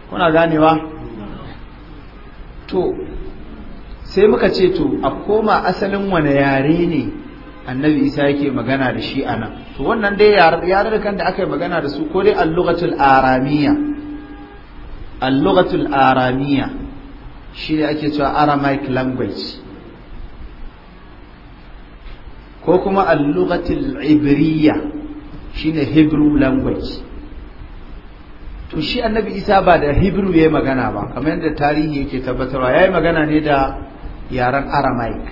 kuna ganewa to sai muka ce to a koma asalin wane yare ne annabi isa yake magana da shi a nan? to wannan dai yarurrukan da aka yi magana da su ko dai allugatul aramiya allugatul aramiya shi ne ake cewa aramaic language ko kuma allugatul ibriya shi ne hebrew language to shi annabi isa ba da hebrew ya yi magana ba kamar yadda tarihi yake tabbatarwa ya yi magana ne da yaren aramaic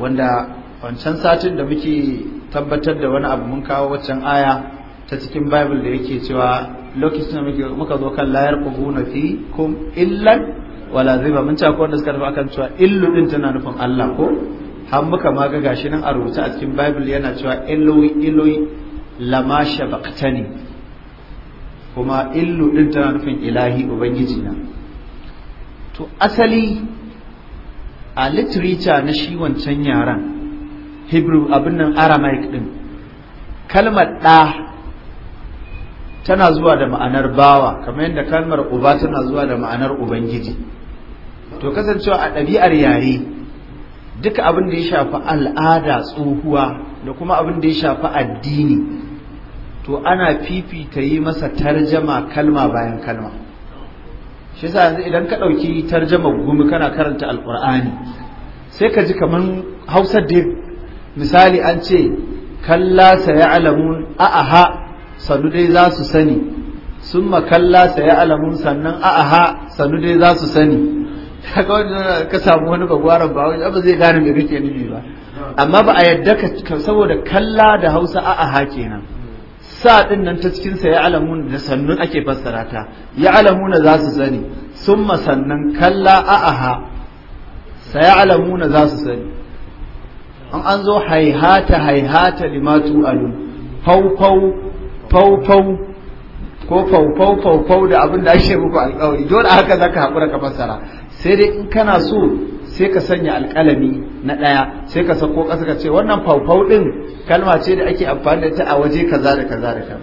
wanda wancan satin da muke tabbatar da wani abu mun kawo waccan aya ta cikin bible da yake cewa lokacin da muka zo kan layar kubuna fi kum illan wala ziba mun ta wanda suka tafi akan cewa illu din tana nufin Allah ko har muka ma ga gashi nan a rubuce a cikin bible yana cewa illoyi illoyi lama shabaktani. kuma illu ɗin tana nufin ilahi ubangiji na to asali a literature na shi wancan yaran hebrew abin nan aramaic din kalmar ɗa tana zuwa da ma'anar bawa kamar yadda kalmar uba tana zuwa da ma'anar ubangiji to kasancewa a ɗabi'ar yare duka abin da ya shafi al'ada tsohuwa da kuma abin da ya shafi addini to ana fifita yi masa tarjama kalma bayan kalma shi sa yanzu idan ka ɗauki tarjama gumi kana karanta alƙur'ani sai ka ji kamar Hausa da misali an ce kalla sa ya alamun ha, sanu dai za su sani sun kalla sa ya alamun sannan ha, sanu dai za su sani ka samu wani bagwaran ba wani ba zai gane mai rike nufi ba amma ba a yadda ka saboda kalla da hausa a'aha kenan sa din nan ta cikin sa ya'lamun da sannun ake fassara ta ya'lamuna za su sani summa sannan kalla a'aha saya'lamuna za su sani an an zo haihata haihata limatu alu fau fau ko fau fau da abin da ake muku alƙawari dole haka zaka hakura ka fassara sai dai in kana so sai ka sanya alƙalami na ɗaya sai ka sako ƙasa ka ce wannan faufau ɗin kalma ce da ake amfani da ta a waje kaza da kaza da kaza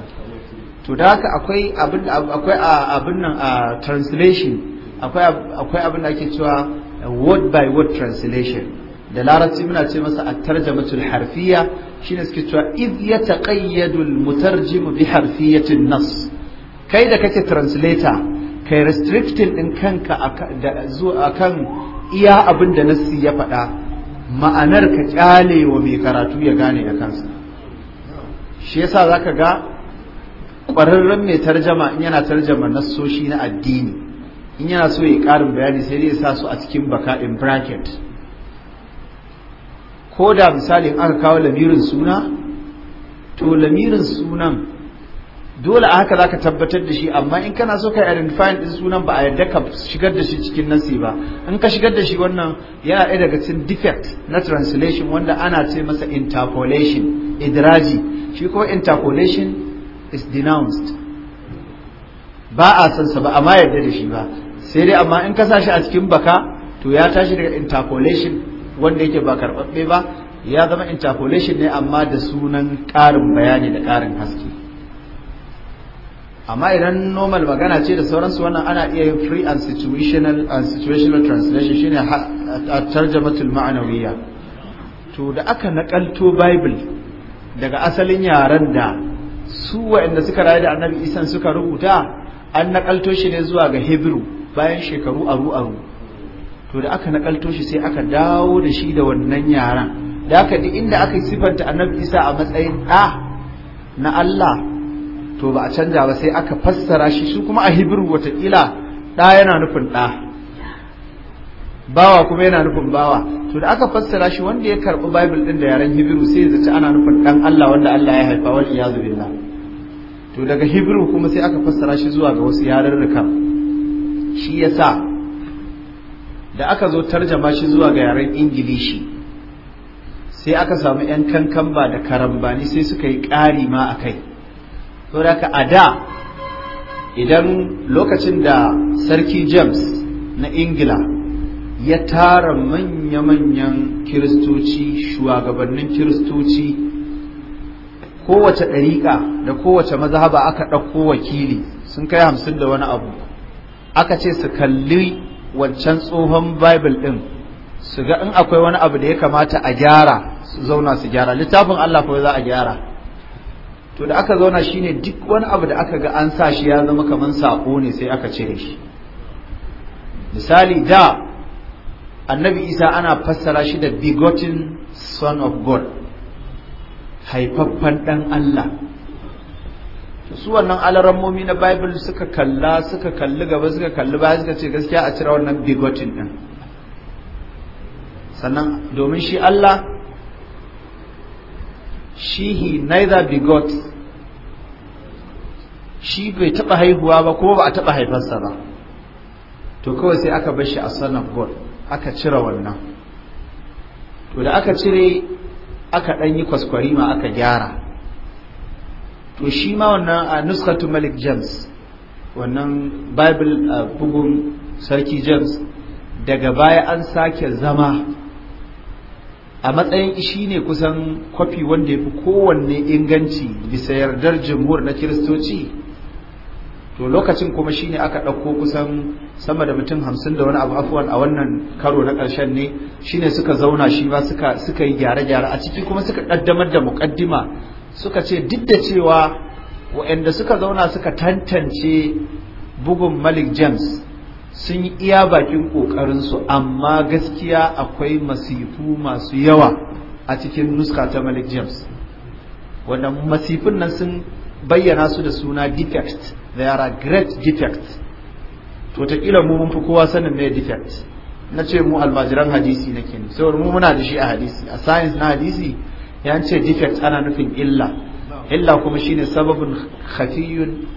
to da haka akwai abin akwai abin nan a translation akwai abin da ake cewa word by word translation da larabci muna ce masa at harfiya. harfiyya shine suke cewa id yataqayyadu mutar mutarjimu bi harfiyyati nas kai da kake translator kai restricting ɗin kanka a kan iya abin da nassi ya faɗa ma'anar ka ƙyale wa mai karatu ya gane da kansa shi yasa za ka ga ƙwararren mai tarjama in yana tarjama nassoshi na addini in yana so ya ƙarin bayani sai dai sa su a cikin baka in bracket ko da misalin aka kawo lamirin suna to lamirin sunan dole a haka zaka tabbatar da shi amma in kana so ka identify din sunan ba a yadda ka shigar da shi cikin nasi ba in ka shigar da shi wannan yana ɗaya daga cikin defect na translation wanda ana ce masa interpolation idraji shi kuma interpolation is denounced ba a san sa ba amma yadda da shi ba sai dai amma in ka sa shi a cikin baka to ya tashi daga interpolation wanda yake ba karɓaɓɓe ba ya zama interpolation ne amma da sunan ƙarin bayani da ƙarin haske amma idan normal magana ce da sauransu wannan ana iya yin free and situational and situational translation shine a tarjamatul ma'anawiyya to da aka nakalto bible daga asalin yaren da su wa'anda suka rayu da annabi isan suka rubuta an nakalto shi ne zuwa ga hebrew bayan shekaru aru aru to da aka nakalto shi sai aka dawo da shi da wannan yaren da aka duk inda aka sifanta annabi isa a matsayin ɗa na allah to ba a canja ba sai aka fassara shi su kuma a hibiru watakila ɗa yana nufin ɗa bawa kuma yana nufin bawa to da aka fassara shi wanda ya karɓi bible ɗin da yaren hibiru sai zaci ana nufin ɗan Allah wanda Allah ya haifa wani iyazu billah to daga hibiru kuma sai aka fassara shi zuwa ga wasu yarurruka shi yasa da aka zo tarjama shi zuwa ga yaren ingilishi sai aka samu 'yan kankan ba da karambani sai suka yi ƙari ma a kai saboda a da idan lokacin da sarki james na ingila ya tara manya-manyan kiristoci shugabannin kiristoci kowace ɗariƙa da kowace mazhaba aka ɗauko wakili sun kai hamsin da wani abu aka ce su kalli wancan tsohon bible ɗin su ga in akwai wani abu da ya kamata a gyara su zauna su gyara littafin allah kawai za a gyara to da aka zauna shine duk wani abu da aka ga an sa shi ya zama kamar sako ne sai aka cire shi misali da annabi isa ana fassara shi da begotten son of god haifaffen dan allah su wannan alarammomi na bible suka kalla suka kalli gaba suka kalli baya suka ce gaskiya a cira wannan begotten din sannan domin shi allah shi he neither begot shi bai taba haihuwa ba ko ba a taɓa haifarsa ba to kawai sai aka bar shi a son of god aka cire wannan to da aka cire aka ɗan yi ma aka gyara to shi ma wannan a nuskatu malik james wannan bible bugun sarki james daga baya an sake zama a matsayin shi ne kusan kwafi wanda ya fi kowanne inganci bisa yardar jamhur na kiristoci to lokacin kuma shi ne aka ɗauko kusan sama da mutum hamsin da wani abu afuwan a wannan karo na ƙarshen ne shi ne suka zauna shi ba suka yi gyare-gyare a ciki kuma suka ɗaddamar da muƙaddima suka ce duk da cewa waɗanda suka zauna suka tantance bugun malik james sun yi iya bakin ƙoƙarinsu amma gaskiya akwai masifu masu yawa a cikin nuska ta malik james wanda masifin nan sun bayyana su da suna defect they are a great defect to ta kila mu mun fi kowa sanin mai defect na ce mu almajiran hadisi nake kini sai mu muna da shi a hadisi a science na hadisi ya ce defect ana nufin illa illa kuma shine sababin khafiyun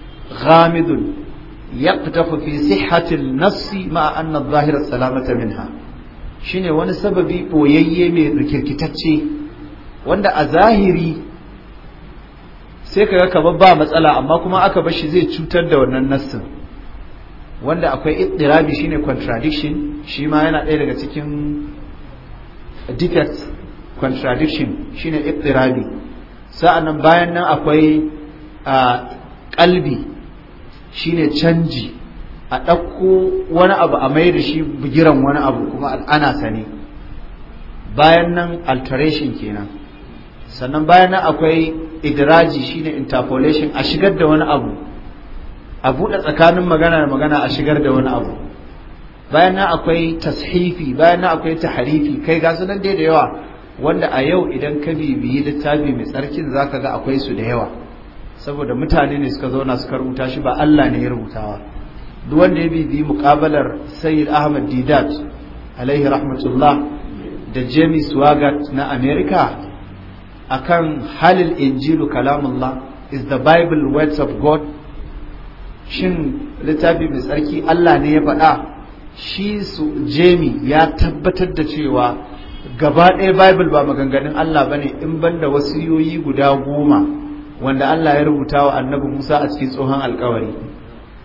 ghamidun yaqtafu fi sihhatil nafsi ma anna adh-dhahira salamata minha shine wani sababi boyayye mai rikirkitacce wanda a zahiri sai kaga kamar ba matsala amma kuma aka bar shi zai cutar da wannan nassin wanda akwai ittirabi shine contradiction shi ma yana ɗaya daga cikin defect contradiction shine ittirabi sa'annan bayan nan akwai ƙalbi. Ah, shine canji a ɗauko wani abu a mai da shi bigiran wani abu kuma ana sani bayan nan alteration kenan sannan bayan nan akwai idraji shine interpolation a shigar da wani abu a buɗe tsakanin magana da magana a shigar da wani abu bayan nan akwai tashifi bayan nan akwai taharifi kai ga nan dai da yawa wanda a yau idan ka bibiyi littafi mai tsarkin zaka ga akwai su da yawa saboda mutane ne suka zauna suka rubuta shi ba Allah ne ya rubutawa duk wanda ya bibi muqabalar Sayyid Ahmad Didat alaihi rahmatullah da James Wagat na America akan halil injilu kalamullah is the bible words of god shin littafi mai tsarki Allah ne ya faɗa shi su jemi ya tabbatar da cewa gaba ɗaya bible ba maganganun Allah bane in banda wasu wasiyoyi guda goma wanda Allah ya rubuta wa annabi Musa a cikin tsohon alkawari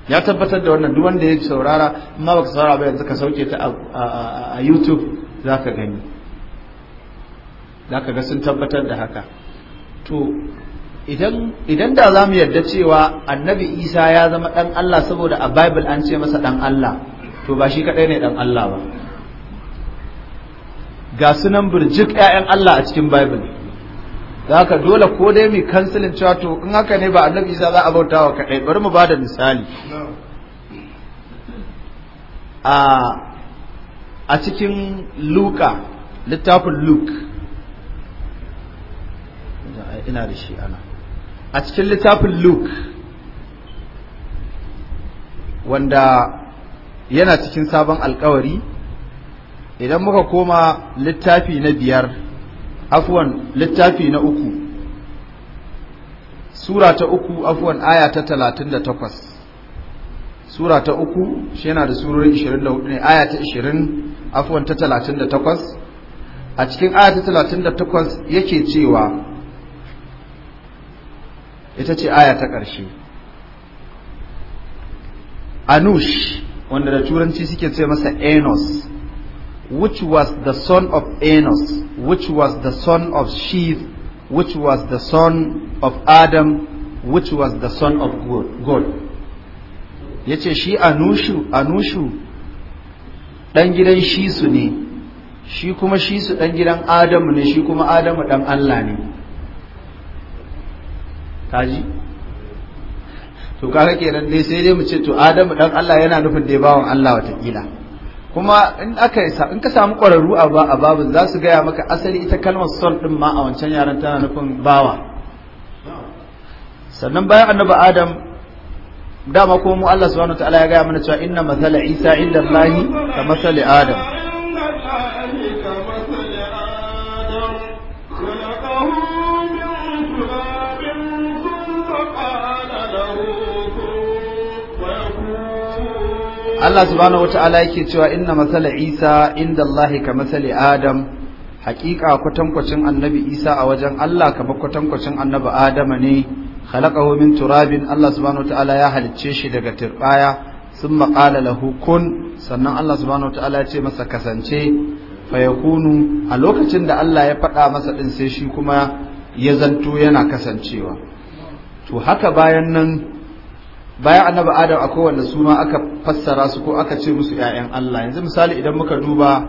ya tabbatar da wannan duk wanda ya saurara amma baka saurara ba yanzu ka sauke ta a YouTube zaka gani zaka ga sun tabbatar da haka to idan idan da zamu yarda cewa annabi Isa ya zama dan Allah saboda a Bible an ce masa dan Allah to ba shi kadai ne dan Allah ba ga sunan burjik ƴaƴan Allah a cikin Bible da haka dole ko dai mai kansilin cewa in haka ne ba annabi isa za a bauta wa kaɗai bari mu ba da misali a cikin luka littafin luke ina da shi ana a cikin littafin luke wanda yana cikin sabon alkawari idan muka koma littafi na biyar afwan littafi na uku sura ta uku afwan aya ta 38 sura ta uku shi yana da surori 24 ne aya ta 20 afwan ta 38 a cikin aya ta 38 yake cewa ita ce aya ta ƙarshe anush wanda da turanci suke ce masa enos which was the son of Enos, which was the son of Sheath, which was the son of Adam, which was the son of God. Ya ce shi Anushu, Anushu ɗan gidan Shisu ne, shi kuma Shisu ɗan gidan Adamu ne, shi kuma Adamu ɗan Allah ne. Kaji? To kaka kenan dai sai dai mu ce to Adamu ɗan Allah yana nufin da ya bawan Allah watakila. kuma in aka in ka samu ƙwararru a babin za su gaya maka asali ita kalmar son ɗin ma a wancan yaran tana nufin bawa sannan bayan annabi adam dama ko mu Allah subhanahu ta'ala ya gaya mana cewa inna masala isa inda Allahi ka masali adam
Allah subhanahu
wataala yake cewa inna masala Isa inda Allah ka masali Adam hakika kwatankwacin annabi Isa a wajen Allah ba kwatankwacin annabi Adam ne khalaqahu min turabin Allah subhanahu wataala ya halicce shi daga turbaya sun maƙala lahu kun sannan Allah subhanahu wataala ya ce masa kasance fayakunu a lokacin da Allah ya faɗa masa din sai shi kuma ya zanto yana kasancewa to haka bayan nan Baya annabi adam akwai wanda su aka fassara su ko aka ce musu 'ya'yan Allah yanzu misali idan muka duba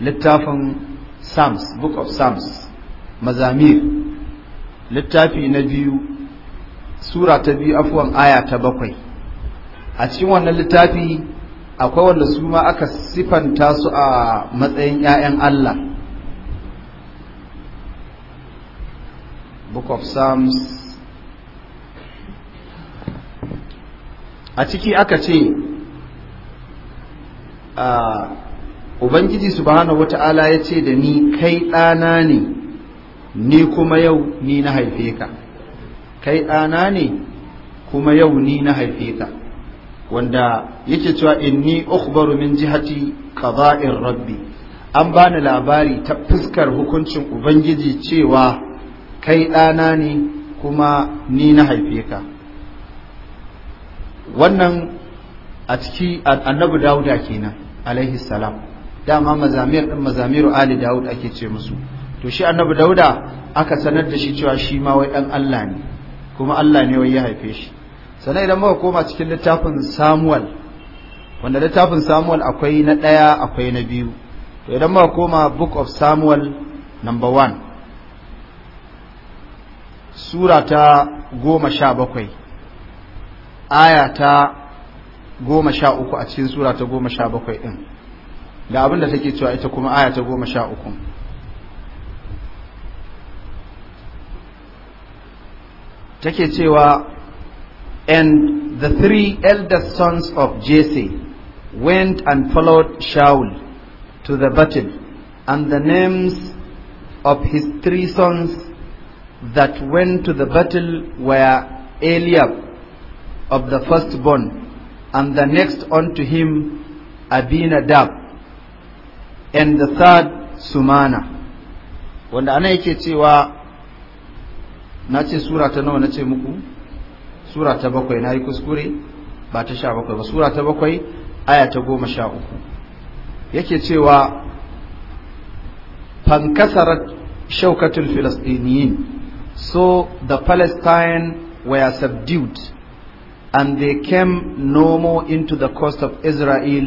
littafin Psalms book of Psalms mazamir littafi na biyu sura ta biyu afwan aya ta bakwai a cikin wannan littafi akwai wanda su ma aka sifanta su a matsayin 'ya'yan Allah book of Psalms a ciki aka ce a ubangiji subhanahu wata'ala ya ce da ni kai ɗana ne ni kuma yau ni na haife ka kai ɗana ne kuma yau ni na haife ka wanda yake cewa inni ukhbaru min jihati qada'ir rabbi an bani labari ta fuskar hukuncin ubangiji cewa kai ɗana ne kuma ni na haife ka wannan a ciki annabi dauda kenan alaihi salam dama mazamir din mazamiru ali daud ake ce musu to shi annabi dauda aka sanar da shi cewa shi ma wai dan Allah ne kuma Allah ne wai ya haife shi sannan idan muka koma cikin littafin samuel wanda littafin samuel akwai na ɗaya akwai na biyu to idan muka koma book of samuel number one sura ta goma sha bakwai aya ta goma sha uku a cikin sura ta goma sha bakwai ɗin ga abin da take cewa ita kuma aya ta goma sha uku take cewa and the three eldest sons of Jesse went and followed Shaul to the battle and the names of his three sons that went to the battle were Eliab of the firstborn, and the next unto him Abinadab, and the third Sumana. Wanda ana yake cewa na ce Sura ta nawa na ce muku? Sura ta bakwai na yi kuskure ba ta sha bakwai ba, Sura ta bakwai aya ta goma sha uku. Yake cewa fankasarar shaukatul Filistiniyin, so the Palestine were subdued. And they came no more into the coast of Israel,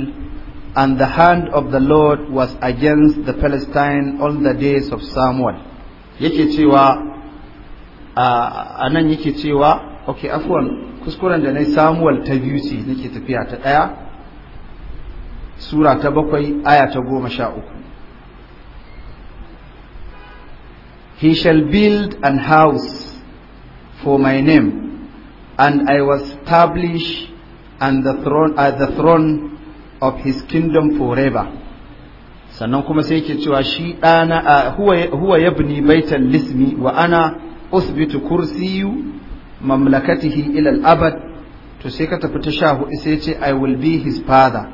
and the hand of the Lord was against the Palestine all the days of Samuel. Yake cewa, a nan yake cewa, ok, afuwan kuskuren da na Samuel ta biyu ce nake tafiya ta ɗaya, Sura ta bakwai, aya ta goma sha uku. He shall build an house for my name. and I was established on the throne at the throne of his kingdom forever sannan kuma sai yake cewa shi ɗana huwa yabni baitan lismi wa ana usbitu kursiyu mamlakatihi ila al-abad to sai ka tafi ta sha hudu sai ce I will be his father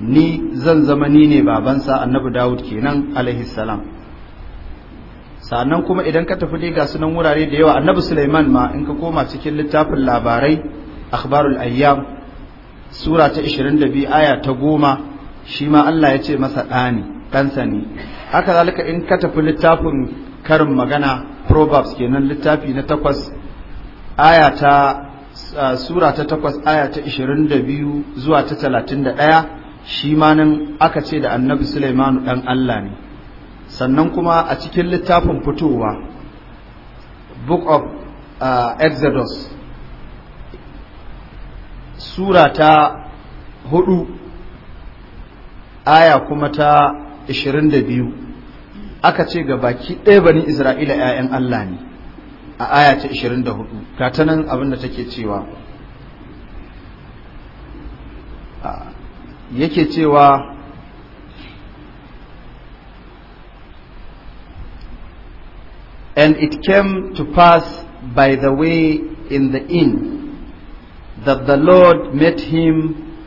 ni zan zama ni ne babansa annabi Dawud kenan alaihi salam sannan kuma idan ka tafi dai ga sunan wurare da yawa annabi Sulaiman ma in ka koma cikin littafin labarai akhbarul ayyam sura ta 22 aya ta 10 shi ma Allah ya ce masa dani ɗansa ne haka zalika in ka tafi littafin karin magana proverbs kenan littafi na 8 aya ta sura ta 8 aya ta 22 zuwa ta 31 shi ma nan aka ce da annabi Sulaiman dan Allah ne sannan kuma a cikin littafin fitowa book of uh, exodus sura ta hudu aya kuma ta 22 aka ce ga baki ɗaya bani isra'ila 'ya'yan allah ne a aya ta 24 ga ta nan abinda take cewa uh, yake cewa And it came to pass by the way in the inn that the Lord met him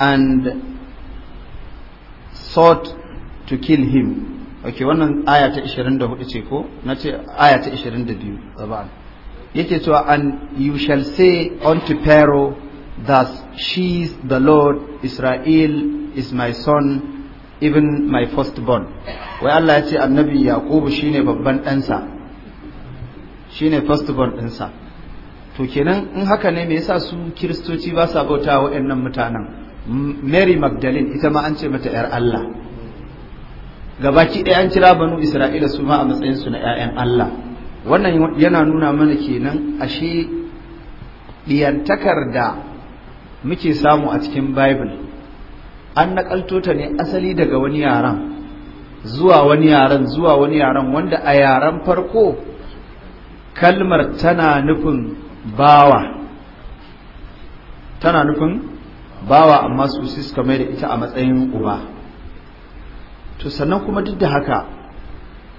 and sought to kill him. Okay, wannan aya ta 24 ce ko? Na ce aya ta 22, Zaba'an. Yake and you shall say unto Pharaoh, thus she, is the Lord, Israel is my son, even my firstborn wai Allah ya ce annabi yaqubu shine babban ɗansa shine firstborn ɗinsa to kenan in haka ne me yasa su kiristoci ba sa bauta wa waɗannan mutanen Mary Magdalene ita ma an ce mata ‘yar Allah gabaki ɗaya an kira banu Isra'ila su ma a matsayinsu na ‘ya'yan Allah wannan yana nuna mana kenan ashe ɗiyantakar da muke samu a cikin Bible an nakalto ta ne asali daga wani yaran zuwa wani yaran zuwa wani yaran wanda a yaran farko kalmar tana nufin bawa tana nufin bawa amma su suka mai da ita a matsayin uba to sannan kuma duk da haka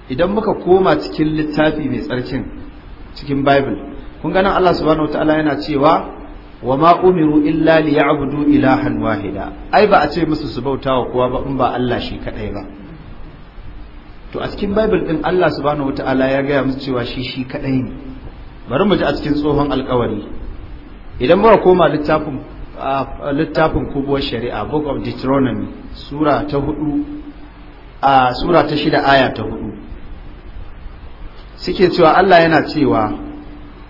idan muka koma cikin littafi mai tsarkin cikin bible kun ganin Allah subhanahu wataala yana cewa wa ma umiru illa li ya'budu ilahan wahida ai ba a ce musu su bauta wa kowa ba in ba Allah shi kadai ba to a cikin bible din Allah subhanahu wata'ala ya gaya musu cewa shi shi kadai ne bari mu ji a cikin tsohon alkawari idan muka koma littafin littafin shari'a book of deuteronomy sura ta hudu a sura ta shida aya ta hudu suke cewa Allah yana cewa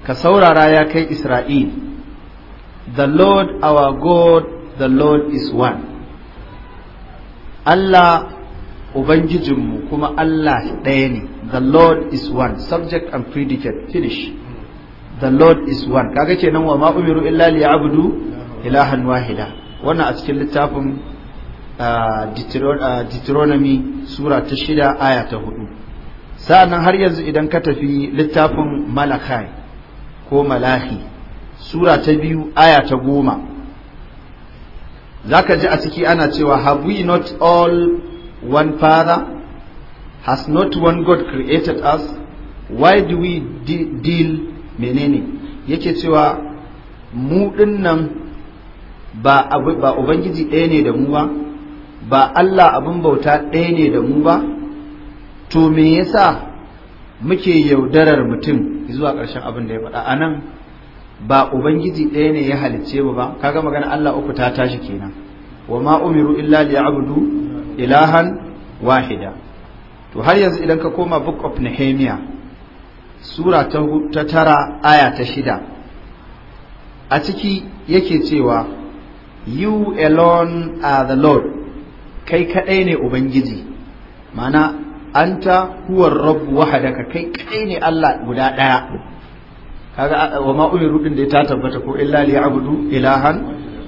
ka saurara ya kai Isra'il The Lord our God, the Lord is one. Allah Ubangijinmu kuma Allah ɗaya ne. The Lord is one. Subject and predicate. Finish. The Lord is one. Kaga kenan wa ma umiru illa liya'budu ilahan wahida. Wannan a cikin littafin uh, uh, Deuteronomy Sura ta shida aya ta hudu. Sa'annan har yanzu idan ka tafi littafin Malakai ko Malahi sura ta biyu aya ta goma zaka ji a ciki ana cewa have we not all one father has not one god created us why do we deal menene yake cewa mu dinnan ba ba ubangiji ɗaya ne da mu ba ba Allah abin bauta ɗaya ne da mu ba to me yasa muke yaudarar mutum zuwa ƙarshen abin da ya faɗa anan ba ubangiji ɗaya ne ya halicce mu ba kaga magana Allah uku ta tashi kenan wa ma umiru illa liya'budu ilahan wahida to har yanzu idan ka koma book of nehemiah sura ta tara aya ta shida a ciki yake cewa you alone are the lord kai kaɗai ne ubangiji mana anta huwar rabu wahadaka kai kaɗai ne Allah guda ɗaya kaga wa ma umiru din da ta tabbata ko illa li ya'budu ilahan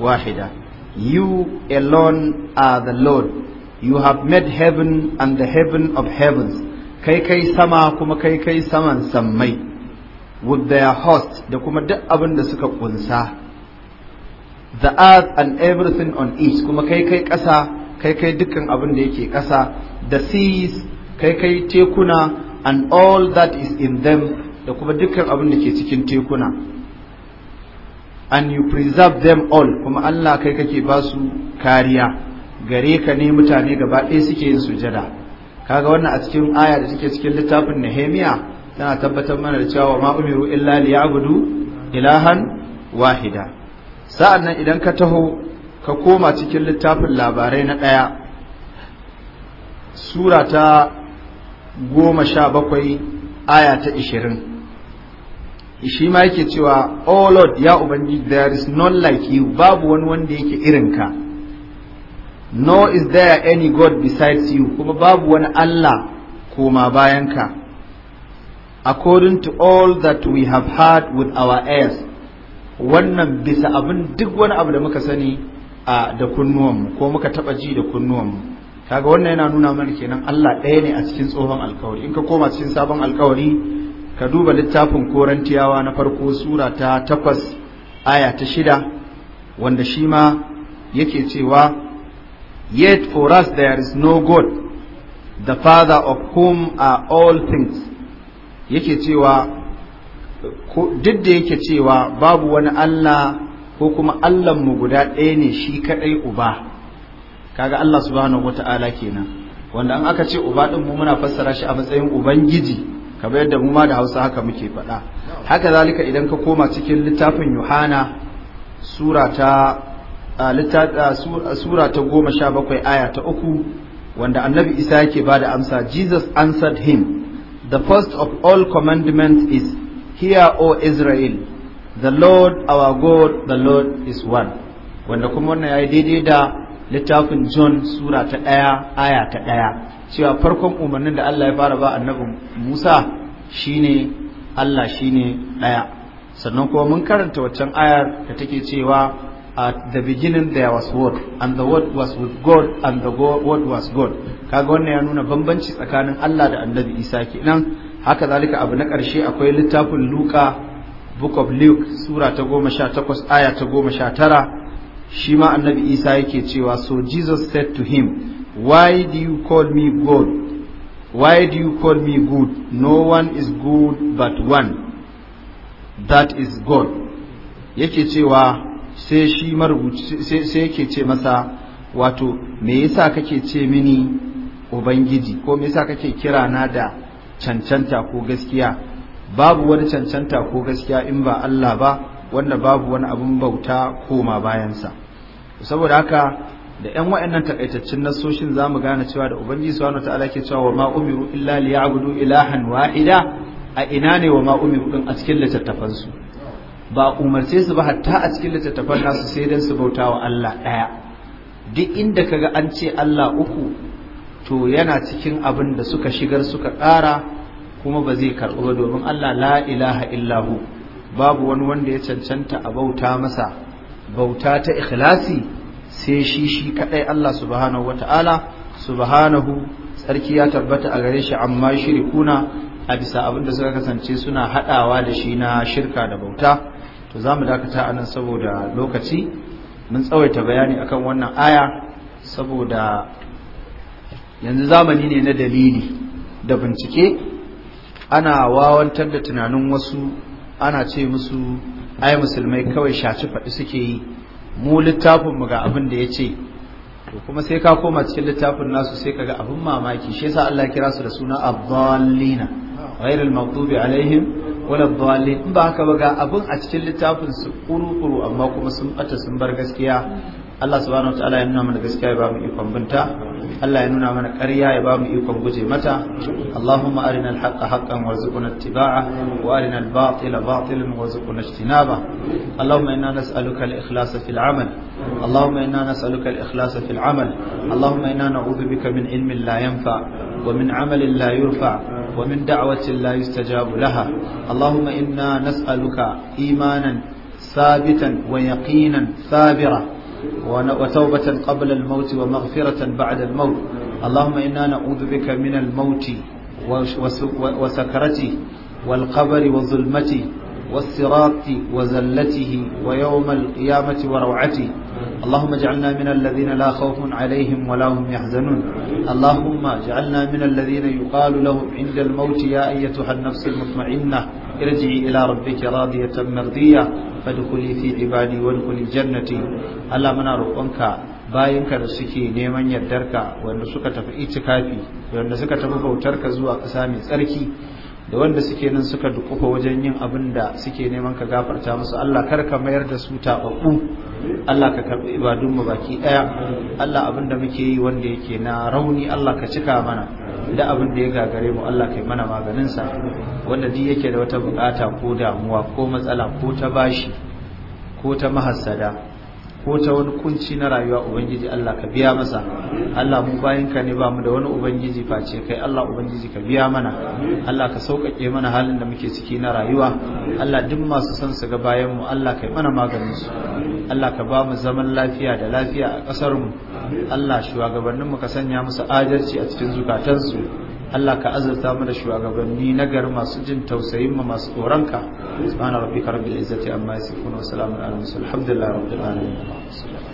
wahida you alone are the lord you have made heaven and the heaven of heavens kai kai sama kuma kai kai saman sammai with their host da kuma duk abin da suka kunsa the earth and everything on it kuma kai kai kasa kai kai dukkan abin da yake kasa the seas kai kai tekuna and all that is in them da kuma dukkan abin da ke cikin tekuna and you preserve them all kuma Allah kai kake ba su kariya gare ka ne mutane gaba ɗaya suke yin sujada kaga wannan a cikin aya da take cikin littafin nehemia tana tabbatar mana da cewa ma umiru illa liya'budu ilahan wahida Sa'an nan idan ka taho ka koma cikin littafin labarai na ɗaya sura ta goma sha bakwai aya ta ishirin shi ma yake cewa oh lord ya ubangiji there is none like you babu wani wanda yake irin ka no is there any god besides you kuma babu wani allah koma bayan ka according to all that we have heard with our ears wannan bisa abin duk wani abu da muka sani a da kunnuwanmu ko muka taba ji da kunnuwanmu kaga wannan yana nuna mana kenan Allah ɗaya ne a cikin tsohon alkawari in ka koma cikin sabon alkawari ka duba littafin korantiyawa na farko sura ta takwas aya ta shida wanda shi ma yake cewa yet for us there is no god the father of whom are all things yake cewa duk da yake cewa babu wani allah ko kuma mu guda ɗaya ne shi kaɗai uba kaga allah subhanahu wata'ala kenan wanda an aka ce uba ɗin mu muna fassara shi a matsayin ubangiji kamar yadda mu ma da Hausa haka muke faɗa haka zalika idan ka koma cikin littafin Yohana sura ta sura ta goma sha bakwai aya ta uku wanda annabi Isa yake bada amsa Jesus answered him the first of all commandments is hear O Israel the Lord our God the Lord is one wanda kuma wannan yayi daidai da littafin John sura ta ɗaya aya ta ɗaya cewa farkon umarnin da Allah ya fara ba annabin Musa shine Allah shine ɗaya sannan kuma mun karanta waccan ayar da take cewa at the beginning there was word and the word was with God and the word was God kaga wannan ya nuna bambanci tsakanin Allah da annabi Isa kenan haka zalika abu na karshe akwai littafin Luka book of Luke sura ta goma sha takwas aya ta goma sha tara shi ma annabi Isa yake cewa so Jesus said to him Why do you call me God? Why do you call me good? No one is good but one. That is God. Yake cewa sai shi marubuci sai yake ce masa wato me yasa kake ce mini ubangiji ko me yasa kake kira na da cancanta ko gaskiya babu wani cancanta ko gaskiya in ba Allah ba wanda babu wani abun bauta koma bayansa saboda haka da ƴan waɗannan takaitaccen nasoshin za mu gane cewa da ubangiji subhanahu ta'ala ke cewa wa ma umiru illa liya'budu ilahan wa'ida a ina ne wa ma umiru din a cikin littattafan su ba umarce su ba hatta a cikin littattafan nasu sai dan su bauta wa Allah ɗaya duk inda kaga an ce Allah uku to yana cikin abin da suka shigar suka ƙara kuma ba zai karɓi ba domin Allah la ilaha illahu babu wani wanda ya cancanta a bauta masa bauta ta ikhlasi sai shi shi kadai Allah subhanahu wata'ala subhanahu sarki ya tabbata a gare shi amma shirikuna a bisa abin da suka kasance suna hadawa da shi na shirka da bauta to zamu dakata anan saboda lokaci mun tsawaita bayani akan wannan aya saboda yanzu zamani ne na dalili da bincike ana wawantar da tunanin wasu ana ce musu ai musulmai kawai shaci faɗi suke yi mu littafin mu ga abin da ya ce to kuma sai ka koma cikin littafin nasu sai ka ga abin mamaki shi yasa Allah kira su da suna abdallina dallina ghairul maghdubi alaihim wala in ba haka ba ga abin a cikin littafin su kuru-kuru amma kuma sun bata sun bar gaskiya Allah subhanahu wataala ya nuna mana gaskiya ya bamu ikon binta Allah ya nuna mana ƙarya ya bamu ikon guje mata Allahumma arina al-haqqa haqqan warzuqna ittiba'a wa arina al-batila batilan warzuqna ijtinaba Allahumma inna nas'aluka al-ikhlasa fil 'amal Allahumma inna nas'aluka al-ikhlasa fil 'amal Allahumma inna na'udhu bika min ilmin la yanfa' ومن عمل لا wa min دعوة لا يستجاب لها اللهم إنا نسألك إيمانا ثابتا ويقينا ثابرا وتوبة قبل الموت ومغفرة بعد الموت اللهم إنا نعوذ بك من الموت وسكرته والقبر وظلمته والصراط وزلته ويوم القيامة وروعته اللهم اجعلنا من الذين لا خوف عليهم ولا هم يحزنون اللهم اجعلنا من الذين يقال لهم عند الموت يا أيتها النفس المطمئنة irji ila rabbika radiyatan mardiya fadkhuli fi ibadi wadkhuli jannati Allah muna roƙonka bayanka da suke neman yardarka wanda suka tafi itikafi wanda suka tafi bautarka zuwa ƙasa mai tsarki da wanda suke nan suka dukufa wajen yin abin da suke neman ka gafarta musu Allah kar ka mayar da su taɓaɓɓu Allah ka karɓi ibadun mu baki ɗaya Allah abin da muke yi wanda yake na rauni Allah ka cika mana da abin da ya gagare mu Allah kai mana maganin sa wanda duk yake da wata bukata ko damuwa ko matsala ko ta bashi ko ta mahassada ko ta wani kunci na rayuwa ubangiji Allah ka biya masa Allah mu bayinka ne ba mu da wani ubangiji face kai Allah ubangiji ka biya mana Allah ka sauƙaƙe mana halin da muke ciki na rayuwa Allah duk masu son su ga bayan mu Allah kai mana maganin su Allah ka ba mu zaman lafiya da lafiya a ƙasar mu Allah shugabannin mu ka sanya musu adalci a cikin zukatansu Allah ka azurta mu da shugabanni na gari masu jin tausayin mu masu tsoronka subhana rabbika rabbil izzati amma yasifun wa salamun alal mursalin alhamdulillahi rabbil
alamin